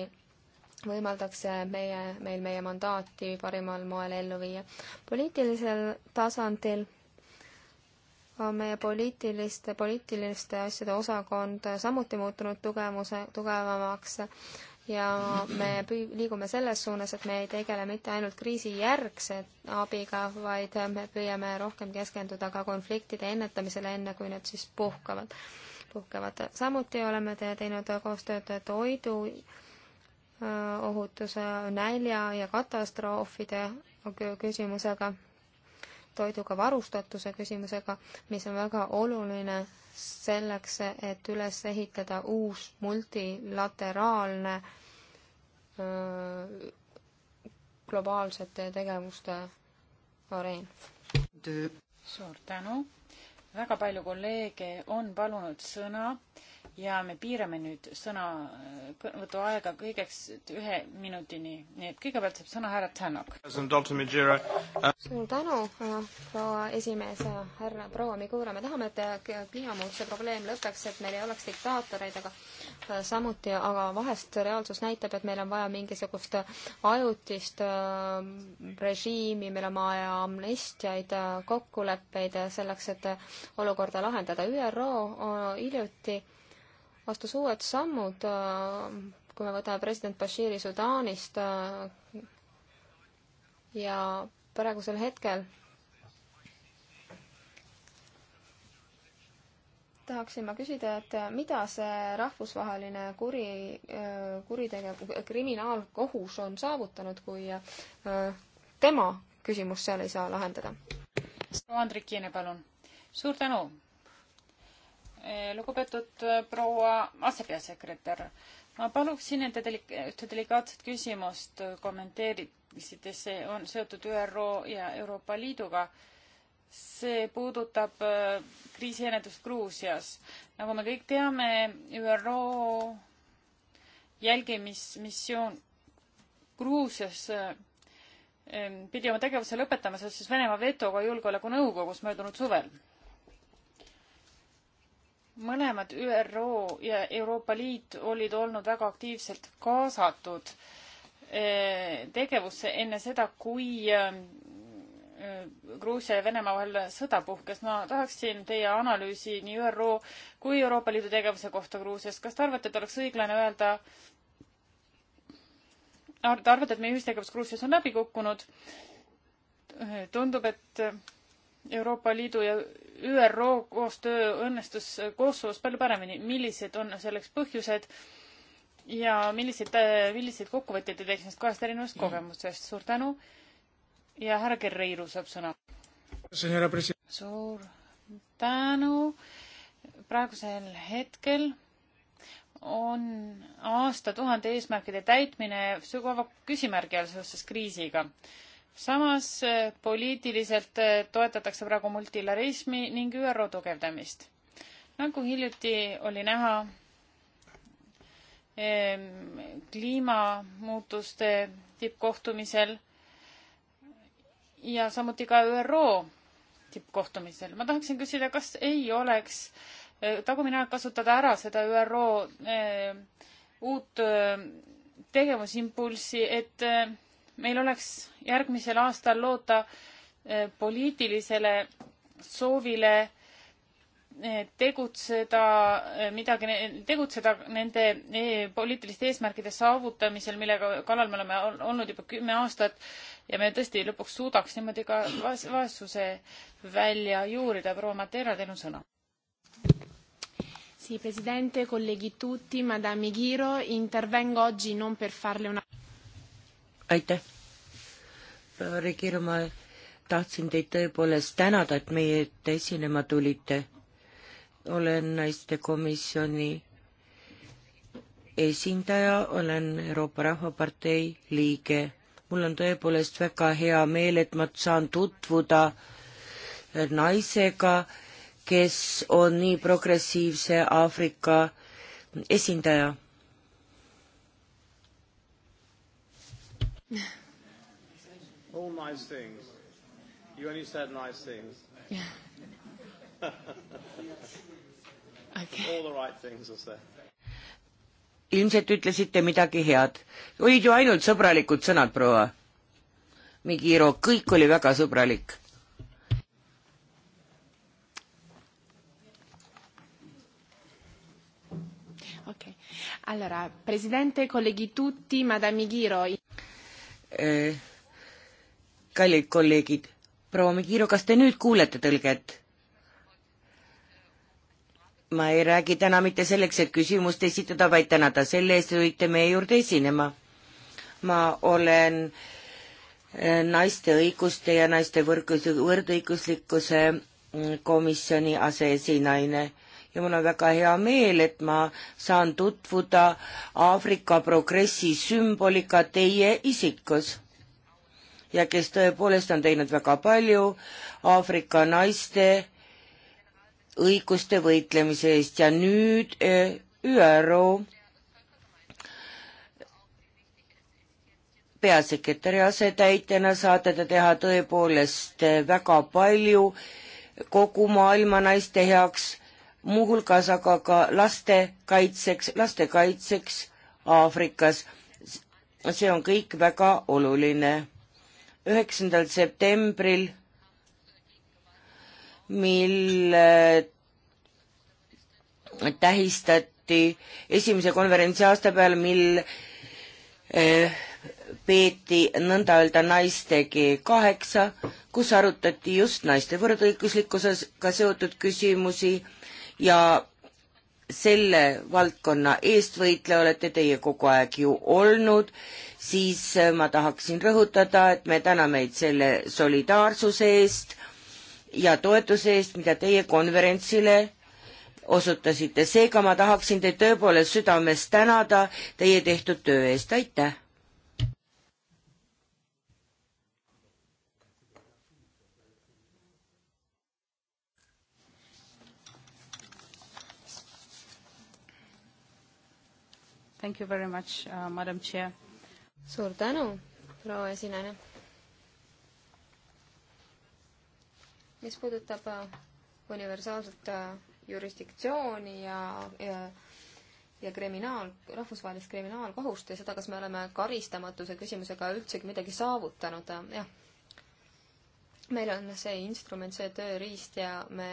võimaldaks meie, meil meie mandaati parimal moel ellu viia. poliitilisel tasandil on meie poliitiliste, poliitiliste asjade osakond samuti muutunud tugevuse, tugevamaks ja me liigume selles suunas, et me ei tegele mitte ainult kriisijärgse abiga, vaid me püüame rohkem keskenduda ka konfliktide ennetamisele, enne kui need siis puhkavad, puhkevad. samuti oleme te teinud koostööd toidu ohutuse, nälja ja katastroofide küsimusega toiduga varustatuse küsimusega, mis on väga oluline selleks, et üles ehitada uus multilateraalne öö, globaalsete tegevuste areen. suur tänu, väga palju kolleege on palunud sõna ja me piirame nüüd sõnavõtu aega kõigeks ühe minutini, nii et kõigepealt saab sõna härra Tänak. Äh, suur tänu, äh, proua esimees, äh, härra proua Migura, me tahame, et kliimamuutuse probleem lõpeks, et meil ei oleks diktaatoreid, aga samuti, aga vahest reaalsus näitab, et meil on vaja mingisugust ajutist režiimi, meil on vaja amnestiaid, kokkuleppeid selleks, et olukorda lahendada. ÜRO hiljuti astus uued sammud, äh, kui me võtame president Bashiri Sudaanist äh, ja praegusel hetkel tahaksin ma küsida, et mida see rahvusvaheline kuri, äh, kuritegev, kriminaalkohus on saavutanud, kui tema küsimus seal ei saa lahendada? proua Andrikine, palun. suur tänu Eh, lugupeetud eh, proua asepeasekretär, ma paluksin, et te delik-, ühte delikaatset küsimust kommenteeriksite, see on seotud ÜRO ja Euroopa Liiduga. see puudutab eh, kriisiennetust Gruusias. nagu me kõik teame, ÜRO jälgimismissioon Gruusias pidi oma tegevuse lõpetama seoses Venemaa vetoga Julgeolekunõukogus möödunud suvel mõlemad ÜRO ja Euroopa Liit olid olnud väga aktiivselt kaasatud eh, tegevusse enne seda, kui eh, Gruusia ja Venemaa vahel sõda puhkes. ma tahaksin teie analüüsi nii ÜRO kui Euroopa Liidu tegevuse kohta Gruusias. kas te arvate, et oleks õiglane öelda, te arvate, et meie ühistegevus Gruusias on läbi kukkunud? tundub, et Euroopa Liidu ja ÜRO koostöö õnnestus Kosovos palju paremini, millised on selleks põhjused ja millised, millised kokkuvõtted te teeks nendest kahest erinevast mm. kogemusest, suur tänu. ja härra Guerreiro saab sõna. suur tänu. praegusel hetkel on aastatuhande eesmärkide täitmine sügava küsimärgi all seoses kriisiga samas eh, poliitiliselt eh, toetatakse praegu multilarismi ning ÜRO tugevdamist. nagu hiljuti oli näha, ehm, kliimamuutuste tippkohtumisel ja samuti ka ÜRO tippkohtumisel. ma tahaksin küsida, kas ei oleks eh, tagumine aeg kasutada ära seda ÜRO eh, uut tegevusimpulssi, et meil oleks järgmisel aastal loota eh, poliitilisele soovile eh, tegutseda eh, midagi, tegutseda nende poliitiliste eesmärkide saavutamisel, millega kallal me oleme olnud juba kümme aastat ja me tõesti lõpuks suudaks niimoodi ka vaesuse välja juurida. proua Matera, teil on sõna. Sì, Presidente, colleghi tutti, Madame Ghiro, intervengo oggi non per farle una aitäh, proua Regiru, ma tahtsin teid tõepoolest tänada, et meie ette esinema tulite. olen naistekomisjoni esindaja, olen Euroopa Rahvapartei liige. mul on tõepoolest väga hea meel, et ma saan tutvuda naisega, kes on nii progressiivse Aafrika esindaja all nice things. You only said nice things. Yeah. <laughs> okay. All the right things are said. ilmselt ütlesite midagi head. olid ju ainult sõbralikud sõnad, proua Migiro, kõik oli väga sõbralik Allora, Presidente, colleghi tutti, Madame Ghiro. Eh, kallid kolleegid, proua Mikiro, kas te nüüd kuulete tõlget? ma ei räägi täna mitte selleks, et küsimust esitada, vaid tänada selle eest, et tulite meie juurde esinema. ma olen eh, naiste õiguste ja naiste võrgus-, võrdõiguslikkuse mm, komisjoni aseesinaine ja mul on väga hea meel, et ma saan tutvuda Aafrika progressi sümbolika teie isikus ja kes tõepoolest on teinud väga palju Aafrika naiste õiguste võitlemise eest ja nüüd eh, ÜRO peasekretäri asetäitjana saate te teha tõepoolest eh, väga palju kogu maailma naiste heaks, muuhulgas aga ka laste kaitseks, laste kaitseks Aafrikas. see on kõik väga oluline üheksandal septembril, mil äh, tähistati esimese konverentsi aastapäeval, mil äh, peeti nõnda öelda naiste G kaheksa, kus arutati just naiste võrdõiguslikkusega seotud küsimusi ja selle valdkonna eestvõitleja olete teie kogu aeg ju olnud siis äh, ma tahaksin rõhutada, et me täname teid selle solidaarsuse eest ja toetuse eest, mida teie konverentsile osutasite. seega ma tahaksin teid tõepoolest südamest tänada teie tehtud töö eest, aitäh! Thank you very much, uh, Madam Chair suur tänu, proua esinejana. mis puudutab äh, universaalset äh, jurisdiktsiooni ja, ja ja kriminaal, rahvusvahelist kriminaalkohust ja seda, kas me oleme karistamatuse küsimusega üldsegi midagi saavutanud, äh, jah. meil on see instrument, see tööriist ja me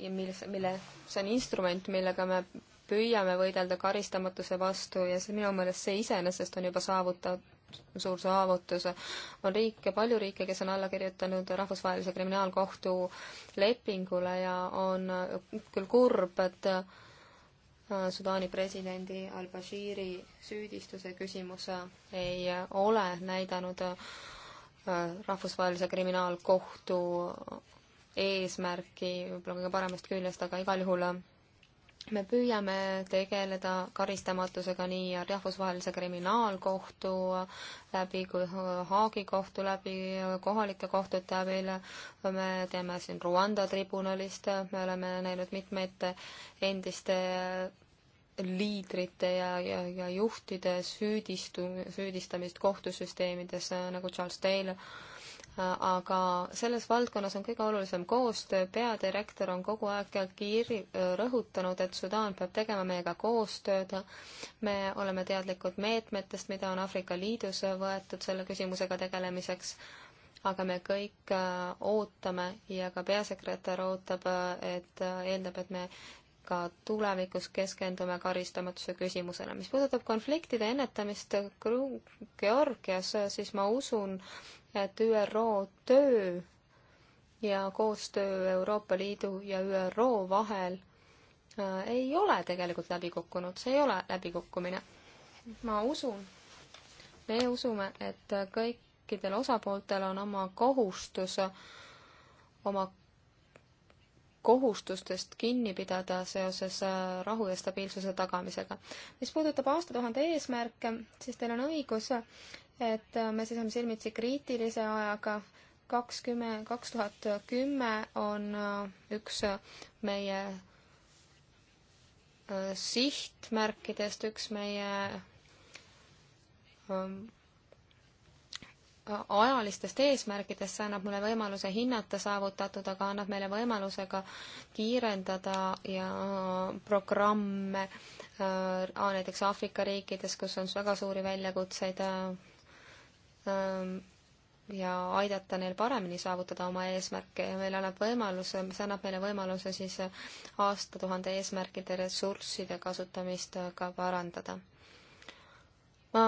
ja milles, mille, see on instrument, millega me püüame võidelda karistamatuse vastu ja see minu meelest see iseenesest on juba saavutatud suur saavutus. on riike, palju riike, kes on alla kirjutanud Rahvusvahelise Kriminaalkohtu lepingule ja on küll kurb, et äh, Sudaani presidendi al-Bashiri süüdistuse küsimus ei ole näidanud äh, Rahvusvahelise Kriminaalkohtu eesmärki võib-olla kõige paremast küljest, aga igal juhul äh, me püüame tegeleda karistamatusega nii Rahvusvahelise Kriminaalkohtu läbi kui Haagi kohtu läbi, kohalike kohtute abil. me teeme siin Rwanda tribunalist, me oleme näinud mitmeid endiste liidrite ja, ja, ja juhtide süüdistu-, süüdistamist kohtusüsteemides, nagu Charles Taylor aga selles valdkonnas on kõige olulisem koostöö, peadirektor on kogu aeg kiiri-, rõhutanud, et Sudaan peab tegema meiega koostööd, me oleme teadlikud meetmetest, mida on Aafrika Liidus võetud selle küsimusega tegelemiseks, aga me kõik äh, ootame ja ka peasekretär ootab, äh, et, äh, eeldab, et me ka tulevikus keskendume karistamatuse küsimusele. mis puudutab konfliktide ennetamist Georgias, siis ma usun, et ÜRO töö ja koostöö Euroopa Liidu ja ÜRO vahel äh, ei ole tegelikult läbi kukkunud, see ei ole läbikukkumine. ma usun, me usume, et kõikidel osapooltel on oma kohustus oma kohustustest kinni pidada seoses äh, rahu ja stabiilsuse tagamisega. mis puudutab aastatuhande eesmärke, siis teil on õigus, et äh, me seisame silmitsi kriitilise ajaga, kakskümmend, kaks tuhat kümme on äh, üks meie sihtmärkidest, üks meie ähm, ajalistest eesmärkidest, see annab mulle võimaluse hinnata saavutatud, aga annab meile võimaluse ka kiirendada ja programme äh, näiteks Aafrika riikides, kus on väga suuri väljakutseid äh, ähm, ja aidata neil paremini saavutada oma eesmärke ja meil annab võimaluse, see annab meile võimaluse siis aastatuhande eesmärkide ressursside kasutamist ka parandada. ma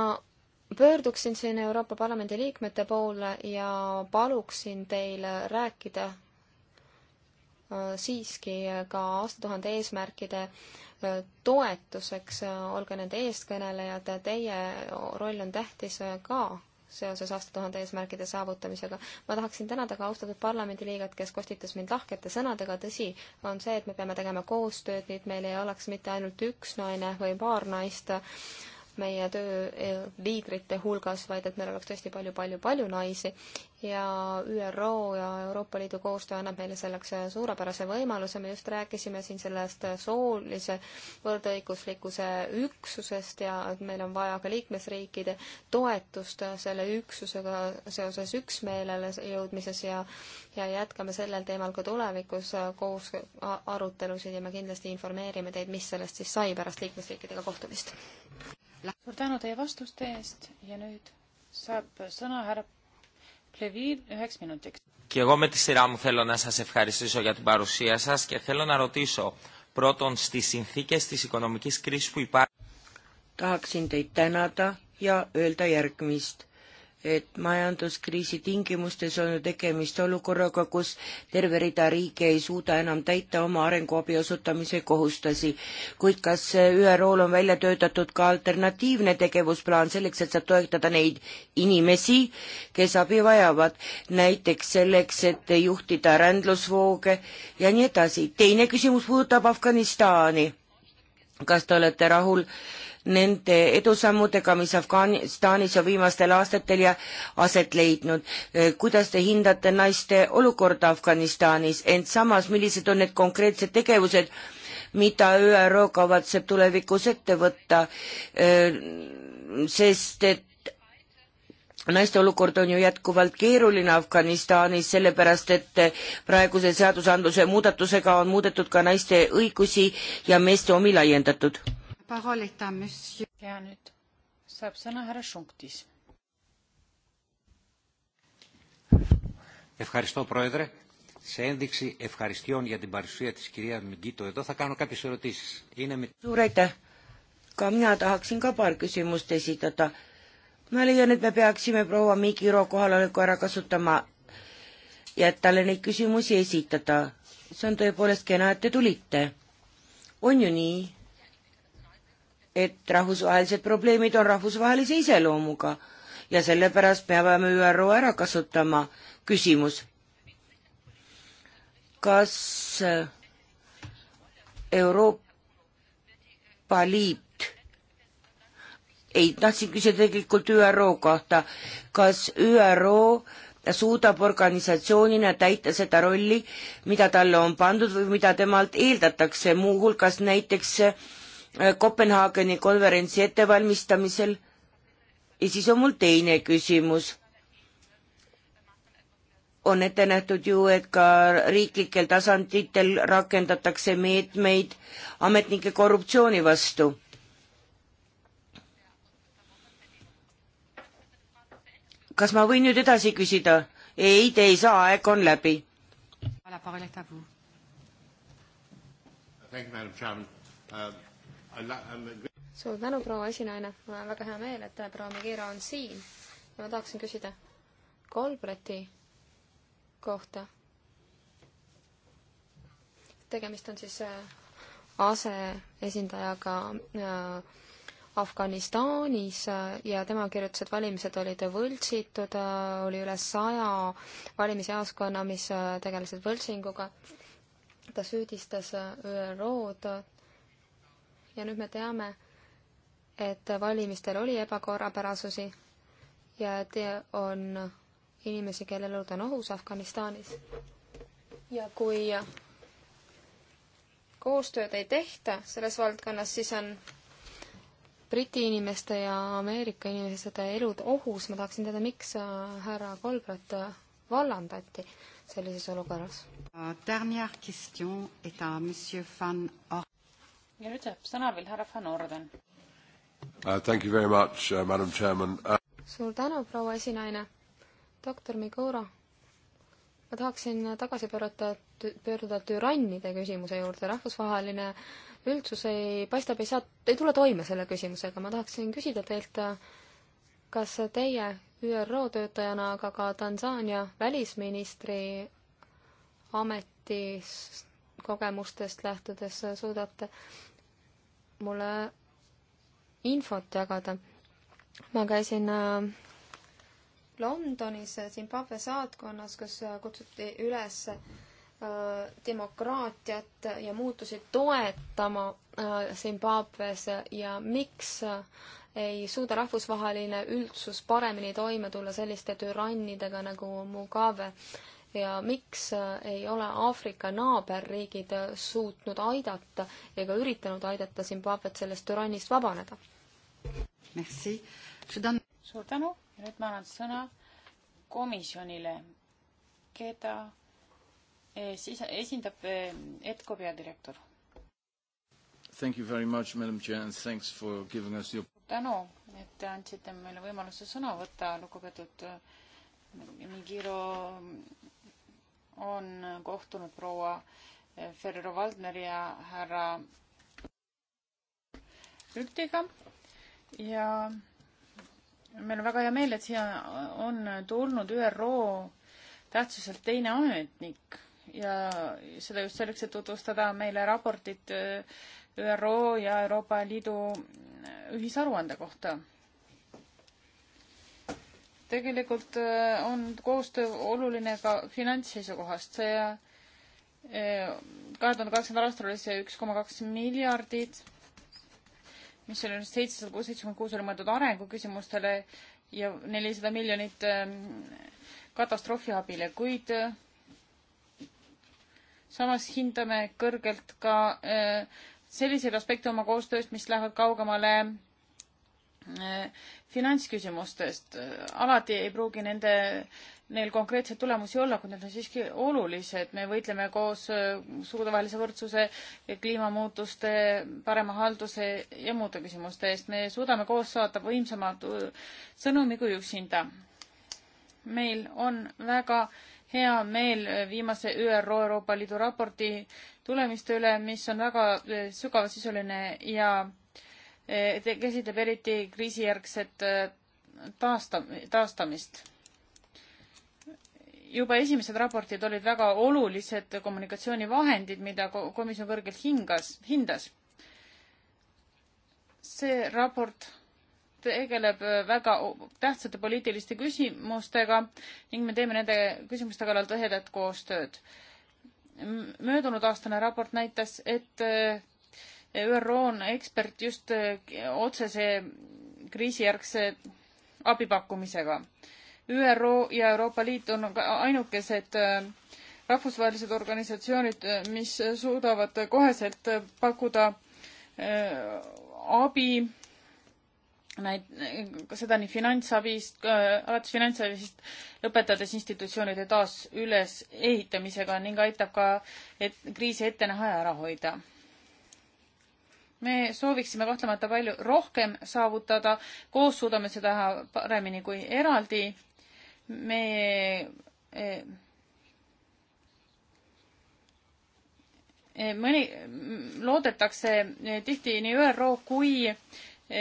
pöörduksin siin Euroopa Parlamendi liikmete poole ja paluksin teil rääkida äh, siiski ka aastatuhande eesmärkide äh, toetuseks, äh, olge nende eestkõnelejad, teie roll on tähtis ka seoses aastatuhande eesmärkide saavutamisega. ma tahaksin tänada ka austatud parlamendiliiget, kes kostitas mind lahkete sõnadega, tõsi, on see, et me peame tegema koostööd, nii et meil ei oleks mitte ainult üks naine või paar naist, meie tööliidrite e, hulgas, vaid et meil oleks tõesti palju-palju-palju naisi ja ÜRO ja Euroopa Liidu koostöö annab meile selleks e, suurepärase võimaluse, me just rääkisime siin sellest e, soolise võrdõiguslikkuse üksusest ja et meil on vaja ka liikmesriikide toetust selle üksusega seoses üksmeelele jõudmises ja ja jätkame sellel teemal ka tulevikus koos arutelusid ja me kindlasti informeerime teid, mis sellest siis sai pärast liikmesriikidega kohtumist suur tänu teie vastuste eest ja nüüd saab sõna härra Plevil üheks minutiks. Και εγώ με τη σειρά μου θέλω να σας ευχαριστήσω για την παρουσία σας και θέλω να ρωτήσω πρώτον στις συνθήκες της οικονομικής κρίσης που υπάρχει. Tahaksin teid tänada ja öelda järgmist et majanduskriisi tingimustes on ju tegemist olukorraga, kus terve rida riike ei suuda enam täita oma arenguabi osutamise kohustusi. kuid kas ÜRO-l on välja töötatud ka alternatiivne tegevusplaan selleks, et saab toetada neid inimesi, kes abi vajavad, näiteks selleks, et juhtida rändlusvooge ja nii edasi. teine küsimus puudutab Afganistani. kas te olete rahul äh, nende edusammudega, mis Afganistanis on viimastel aastatel ja aset leidnud. Äh, kuidas te hindate naiste olukorda Afganistanis, ent samas, millised on need konkreetsed tegevused, mida ÜRO kavatseb tulevikus ette võtta, äh, sest et naiste olukord on ju jätkuvalt keeruline Afganistanis, sellepärast et praeguse seadusandluse muudatusega on muudetud ka naiste õigusi ja meeste omi laiendatud ja nüüd saab sõna härra Šunktis. Ευχαριστώ, Πρόεδρε. Σε ένδειξη ευχαριστειών για την παρουσία της κυρίας Μιγκίτο εδώ θα κάνω κάποιες ερωτήσεις. Είναι με... Suur aitäh! Ka mina tahaksin ka paar küsimust esitada. Ma leian, et me peaksime proua Migiro kohaloleku ära kasutama ja et talle neid küsimusi esitada. See on tõepoolest kena, et te tulite. On ju nii? et rahvusvahelised probleemid on rahvusvahelise iseloomuga ja sellepärast peame ÜRO ära kasutama. küsimus, kas Euroopa Liit, ei, tahtsin küsida tegelikult ÜRO kohta, kas ÜRO suudab organisatsioonina täita seda rolli, mida talle on pandud või mida temalt eeldatakse, muuhulgas näiteks äh, Äh, Kopenhaageni konverentsi ettevalmistamisel. ja siis on mul teine küsimus. on ette nähtud ju, et ka riiklikel tasanditel rakendatakse meetmeid ametnike korruptsiooni vastu kas ma võin nüüd edasi küsida? ei, te ei saa, aeg on läbi. Voilà, parole est à vous. Thank you, Madam Chairman. Uh, suur tänu, proua esinaine, mul on väga hea meel, et proua Migira on siin ja ma tahaksin küsida Kolbreti kohta. tegemist on siis äh, aseesindajaga äh, Afganistanis äh, ja tema kirjutas, et valimised olid võltsitud, äh, oli üle saja valimisjaoskonna, mis tegelesid võltsinguga. ta süüdistas ÜRO-d ja nüüd me teame, et valimistel oli ebakorrapärasusi ja et on inimesi, kelle elud on ohus Afganistanis. ja kui koostööd ei tehta selles valdkonnas, siis on Briti inimeste ja Ameerika inimeste elud ohus, ma tahaksin teada, miks härra Kolbrat vallandati sellises olukorras? ja nüüd saab sõna veel härra Van Orden uh,. Thank you very much uh,, madam chairman uh.... suur tänu, proua esinaine. doktor Migura, ma tahaksin tagasi pöörata, pöörduda türannide küsimuse juurde, rahvusvaheline üldsus ei, paistab, ei saa, ei tule toime selle küsimusega, ma tahaksin küsida teilt, kas teie ÜRO töötajana, aga ka Tansaania välisministri ametis kogemustest lähtudes suudate mulle infot jagada. ma käisin äh, Londonis äh, Zimbabwe saatkonnas, kus äh, kutsuti üles demokraatiat ja muutusi toetama Zimbabwes ja miks ei suuda rahvusvaheline üldsus paremini toime tulla selliste türannidega nagu Mugabe ja miks äh, ei ole Aafrika naaberriigid äh, suutnud aidata ega üritanud aidata Zimbabwet sellest türannist vabaneda? suur tänu ja nüüd ma annan sõna komisjonile, keda eh, siis esindab eh, ETKO peadirektor. Thank you very much, madam chair and thanks for giving us your tänu, et te andsite meile võimaluse sõna võtta, lugupeetud eh, Migiro on kohtunud proua Ferrero Valdner ja härra Rüptiga ja meil on väga hea meel, et siia on tulnud ÜRO tähtsuselt teine ametnik ja seda just selleks, et tutvustada meile raportit ÜRO ja Euroopa Liidu ühisaruande kohta tegelikult äh, on koostöö oluline ka finantsseisukohast, see äh, kahe tuhande kaheksandal aastal oli see üks koma kaks miljardit, mis oli nüüd seitsesada kuus, seitsekümmend kuus oli mõeldud arenguküsimustele ja nelisada miljonit äh, katastroofiabile, kuid samas hindame kõrgelt ka selliseid aspekte oma koostööst, mis lähevad kaugemale finantsküsimustest. alati ei pruugi nende, neil konkreetseid tulemusi olla, kuid need on siiski olulised. me võitleme koos äh, sugudevahelise võrdsuse, kliimamuutuste, parema halduse ja muude küsimuste eest. me suudame koos saata võimsama äh, sõnumi kui üksinda. meil on väga hea meel äh, viimase ÜRO Euroopa Liidu raporti tulemiste üle, mis on väga sügavasisuline ja Eh, käsitleb eriti kriisijärgset eh, taasta, taastamist. juba esimesed raportid olid väga olulised kommunikatsioonivahendid, mida komisjon kõrgelt hingas, hindas. see raport tegeleb eh, väga tähtsate poliitiliste küsimustega ning me teeme nende küsimuste kallal tihedat koostööd. möödunud aastane raport näitas, et ÜRO on ekspert just eh, otsese kriisijärgse abipakkumisega. ÜRO ja Euroopa Liit on ainukesed eh, rahvusvahelised organisatsioonid, eh, mis suudavad koheselt pakkuda abi, näit-, seda nii finantsabist, alates finantsabist, lõpetades institutsioonide taasülesehitamisega ning aitab ka et kriisi ette näha ja ära hoida me sooviksime kahtlemata palju rohkem saavutada, koos suudame seda teha paremini kui eraldi. me e, e, mõni, loodetakse tihti nii ÜRO kui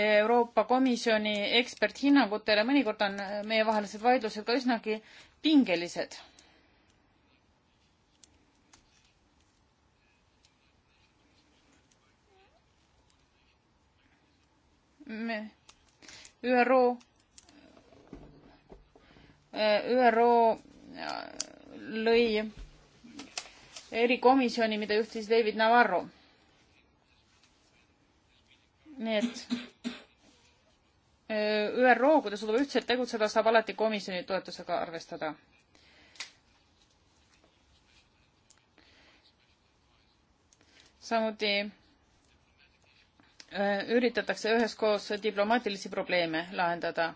Euroopa Komisjoni eksperthinnangutele, mõnikord on meievahelised vaidlused ka üsnagi pingelised me ÜRO, äh, ÜRO äh, lõi erikomisjoni, mida juhtis David Navarro. nii et äh, ÜRO, kui ta suudab ühtselt tegutseda, saab alati komisjoni toetusega arvestada. samuti Äh, üritatakse üheskoos diplomaatilisi probleeme lahendada.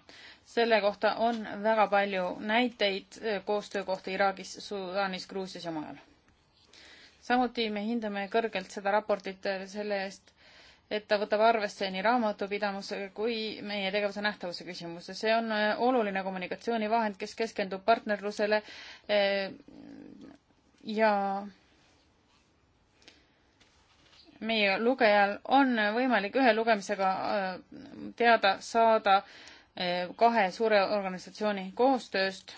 selle kohta on väga palju näiteid äh, koostöö kohta Iraagis, Sudaanis, Gruusias ja mujal. samuti me hindame kõrgelt seda raportit äh, selle eest, et ta võtab arvesse nii raamatupidamuse kui meie tegevuse nähtavuse küsimuse. see on oluline kommunikatsioonivahend, kes keskendub partnerlusele ja meie lugejal on võimalik ühe lugemisega äh, teada saada äh, kahe suure organisatsiooni koostööst.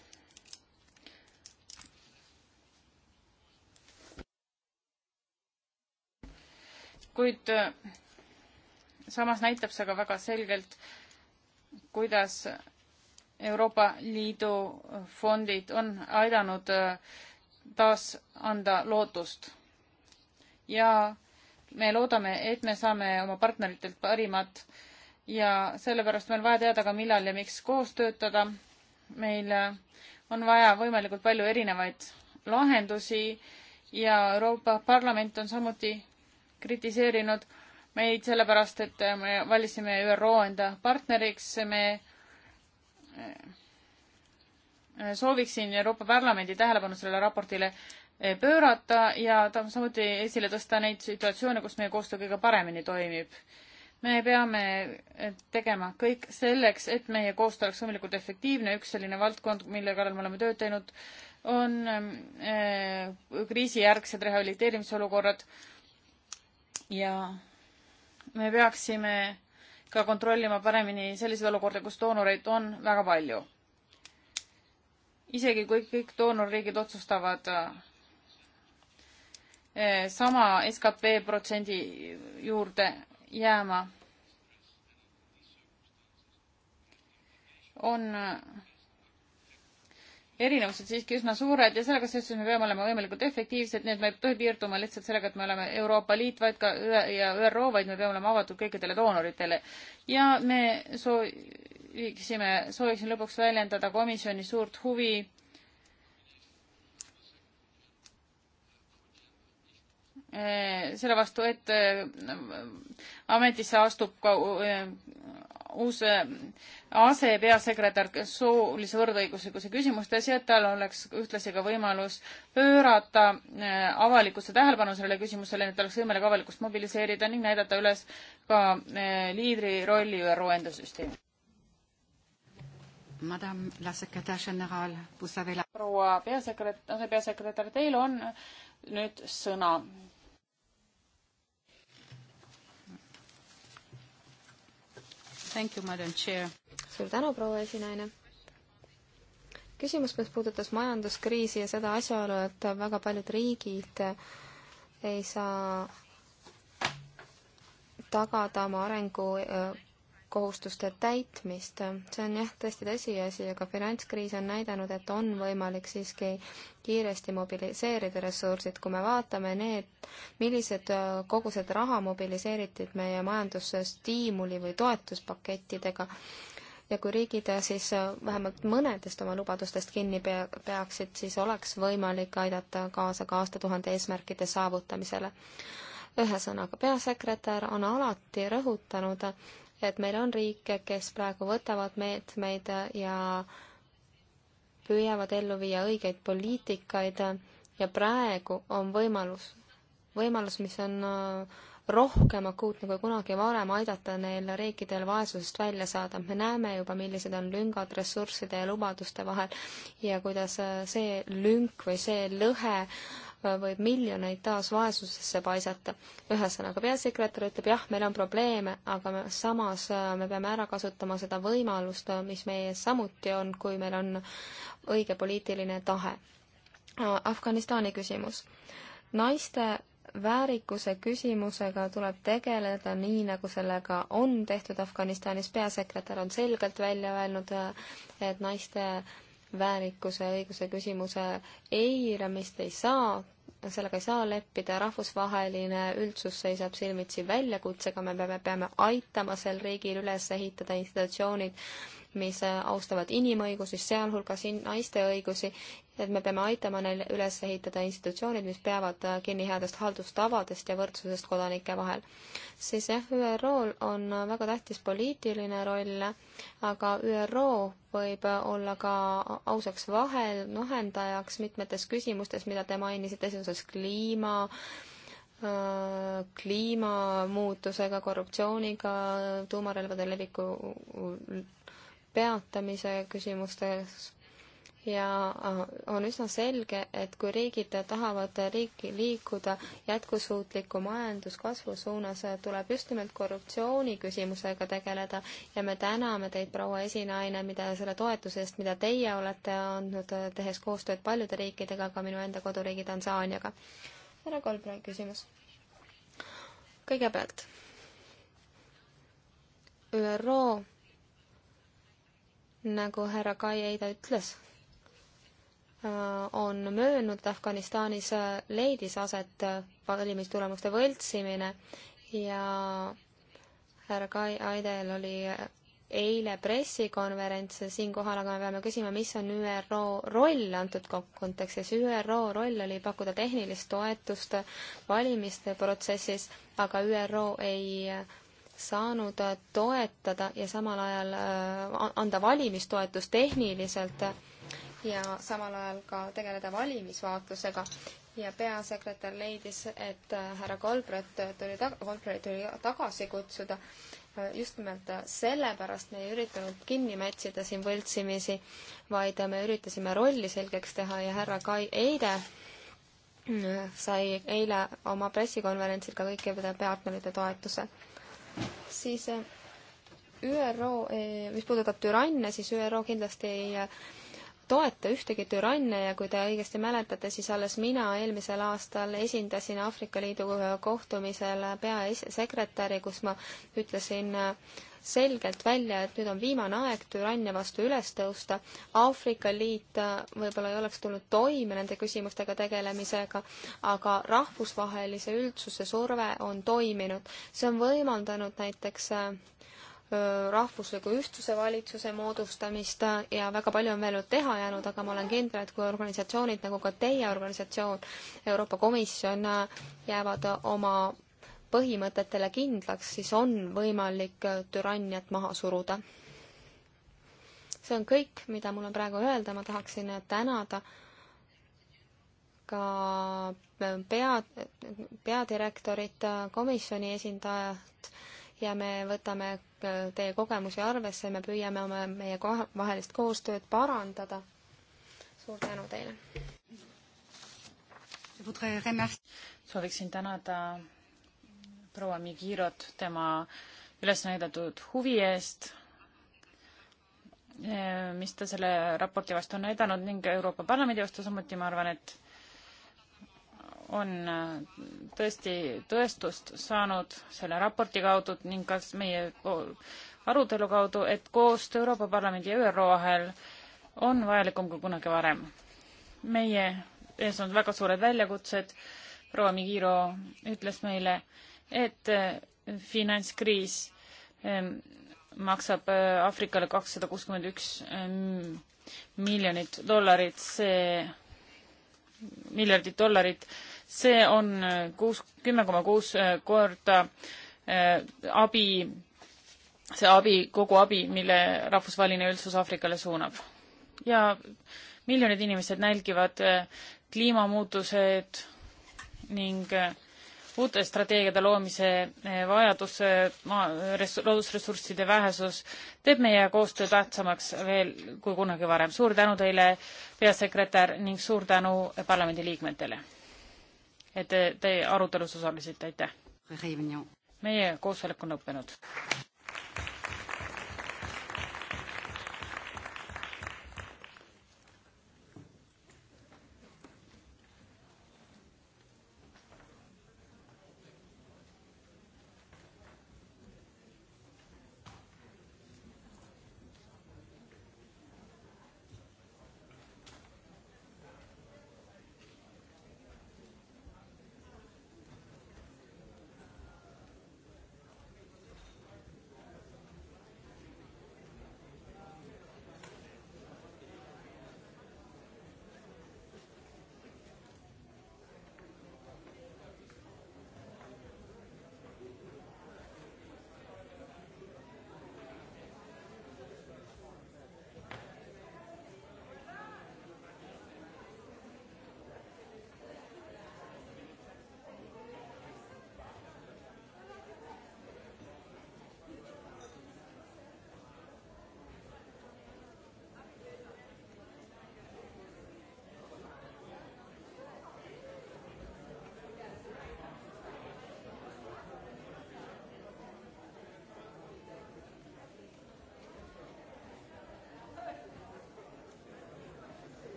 kuid äh, samas näitab see ka väga selgelt, kuidas Euroopa Liidu fondid on aidanud taas anda lootust ja me loodame, et me saame oma partneritelt parimad ja sellepärast on meil vaja teada ka, millal ja miks koos töötada. meil on vaja võimalikult palju erinevaid lahendusi ja Euroopa Parlament on samuti kritiseerinud meid sellepärast, et me valisime ÜRO enda partneriks, me eh, sooviksin Euroopa Parlamendi tähelepanu sellele raportile Eh, pöörata ja tahame samuti esile tõsta neid situatsioone, kus meie koostöö kõige paremini toimib. me peame eh, tegema kõik selleks, et meie koostöö oleks võimalikult efektiivne, üks selline valdkond, mille kallal me oleme tööd teinud, on eh, kriisijärgsed rehabiliteerimisolukorrad ja me peaksime ka kontrollima paremini selliseid olukordi, kus doonoreid on väga palju. isegi kui kõik doonorriigid otsustavad Eh, sama skp protsendi juurde jääma. on eh, erinevused siiski üsna suured ja sellega seoses me peame olema võimalikult efektiivsed, nii et me ei tohi piirduma lihtsalt sellega, et me oleme Euroopa Liit, vaid ka ja ÜRO, vaid me peame olema avatud kõikidele doonoritele. ja me sooviksime, sooviksin lõpuks väljendada komisjoni suurt huvi Eh, selle vastu, et eh, ametisse astub ka eh, uus asepeasekretär soolise võrdõiguslikkuse küsimustes ja et tal oleks ühtlasi ka võimalus pöörata avalikkuse tähelepanu sellele küsimusele, et oleks võimalik avalikkust mobiliseerida ning näidata üles ka liidri rolli ÜRO enda süsteemi. Madame la secrétaire générale, vous avez la proua peasekretär, asepeasekretär, teil on nüüd sõna Thank you, madam chair. suur tänu, proua esinaine. küsimus, mis puudutas majanduskriisi ja seda asjaolu, et väga paljud riigid ei saa tagada oma arengu äh, kohustuste täitmist. see on jah, tõesti tõsiasi, aga finantskriis on näidanud, et on võimalik siiski kiiresti mobiliseerida ressursid, kui me vaatame need, millised äh, kogused raha mobiliseeriti meie majandusse stiimuli- või toetuspakettidega, ja kui riigid äh, siis äh, vähemalt mõnedest oma lubadustest kinni pea-, peaksid, siis oleks võimalik aidata kaasa ka aastatuhande eesmärkide saavutamisele. ühesõnaga, peasekretär on alati rõhutanud, et meil on riike, kes praegu võtavad meetmeid ja püüavad ellu viia õigeid poliitikaid ja praegu on võimalus, võimalus, mis on äh, rohkem akuutne kui kunagi varem aidata neil riikidel vaesusest välja saada. me näeme juba, millised on lüngad ressursside ja lubaduste vahel ja kuidas äh, see lünk või see lõhe võib miljoneid taas vaesusesse paisata. ühesõnaga, peasekretär ütleb jah, meil on probleeme, aga me, samas äh, me peame ära kasutama seda võimalust, äh, mis meie ees samuti on, kui meil on õige poliitiline tahe. Äh, Afganistani küsimus. naiste väärikuse küsimusega tuleb tegeleda nii, nagu sellega on tehtud Afganistanis. peasekretär on selgelt välja öelnud, et naiste väärikuse õiguse küsimuse eiramist ei saa, sellega ei saa leppida, rahvusvaheline üldsus seisab silmitsi väljakutsega, me peame, peame aitama sel riigil üles ehitada institutsioonid, mis austavad inimõigusi, sealhulgas naiste õigusi et me peame aitama neil üles ehitada institutsioonid, mis peavad kinni headest haldustavadest ja võrdsusest kodanike vahel. siis jah, ÜRO-l on väga tähtis poliitiline roll, aga ÜRO võib olla ka ausaks vahel, vahendajaks mitmetes küsimustes, mida te mainisite, seoses kliima, kliimamuutusega, korruptsiooniga, tuumarelvade leviku peatamise küsimustes ja äh, on üsna selge, et kui riigid tahavad riiki liikuda jätkusuutliku majanduskasvu suunas, tuleb just nimelt korruptsiooni küsimusega tegeleda ja me täname teid, proua esinaine, mida selle toetuse eest, mida teie olete andnud, tehes koostööd paljude riikidega, ka minu enda koduriigi Tansaaniaga. härra Kolbrand, küsimus. kõigepealt ÜRO, nagu härra Kai Eida ütles, Äh, on möönnud, et Afganistanis äh, leidis aset äh, valimistulemuste võltsimine ja härra Kai Aidel oli eile pressikonverents, siinkohal aga me peame küsima, mis on ÜRO roll antud kontekstis. ÜRO roll oli pakkuda tehnilist toetust valimiste protsessis, aga ÜRO ei saanud toetada ja samal ajal anda valimistoetust tehniliselt äh, ja samal ajal ka tegeleda valimisvaatlusega ja peasekretär leidis, et äh, härra Kolbret äh, tuli tag-, Kolbret tuli tagasi kutsuda. Äh, just nimelt sellepärast me ei üritanud kinni mätsida siin võltsimisi, vaid me üritasime rolli selgeks teha ja härra Kai Eide sai eile oma pressikonverentsil ka kõikide partnerite toetuse. siis ÜRO, eh, mis puudutab türanne, siis ÜRO kindlasti ei toeta ühtegi türanne ja kui te õigesti mäletate, siis alles mina eelmisel aastal esindasin Aafrika Liidu kohtumisel peasekretäri, kus ma ütlesin äh, selgelt välja, et nüüd on viimane aeg türannia vastu üles tõusta. Aafrika Liit äh, võib-olla ei oleks tulnud toime nende küsimustega tegelemisega, aga rahvusvahelise üldsuse surve on toiminud. see on võimaldanud näiteks äh, rahvusliku ühtsuse valitsuse moodustamist ja väga palju on veel teha jäänud, aga ma olen kindel, et kui organisatsioonid nagu ka teie organisatsioon, Euroopa Komisjon, jäävad oma põhimõtetele kindlaks, siis on võimalik türanniat maha suruda. see on kõik, mida mul on praegu öelda, ma tahaksin tänada ka pea, peadirektorit, komisjoni esindajat, ja me võtame äh, teie kogemusi arvesse, me püüame oma, meie vahelist koostööd parandada. suur tänu teile! sooviksin tänada proua Migirot tema üles näidatud huvi eest, eh, mis ta selle raporti vastu on näidanud ning Euroopa Parlamendi vastu samuti, ma arvan, et on äh, tõesti tõestust saanud selle raporti kaudu ning ka meie arutelu kaudu, et koostöö Euroopa Parlamendi ja ÜRO vahel on vajalikum kui kunagi varem. meie ees on väga suured väljakutsed, proua Migiro ütles meile, et äh, finantskriis ähm, maksab äh, Aafrikale kakssada kuuskümmend üks ähm, miljonit dollarit, see miljardit dollarit see on äh, kuus, kümme koma kuus äh, korda äh, abi, see abi, kogu abi, mille rahvusvaheline üldsus Aafrikale suunab. ja miljonid inimesed nälgivad kliimamuutused ning uute strateegiade loomise vajadus, loodusressursside vähesus teeb meie koostöö tähtsamaks veel kui kunagi varem. suur tänu teile, peasekretär, ning suur tänu parlamendi liikmetele! et te arutelus osalesite, aitäh! meie koosolek on lõppenud.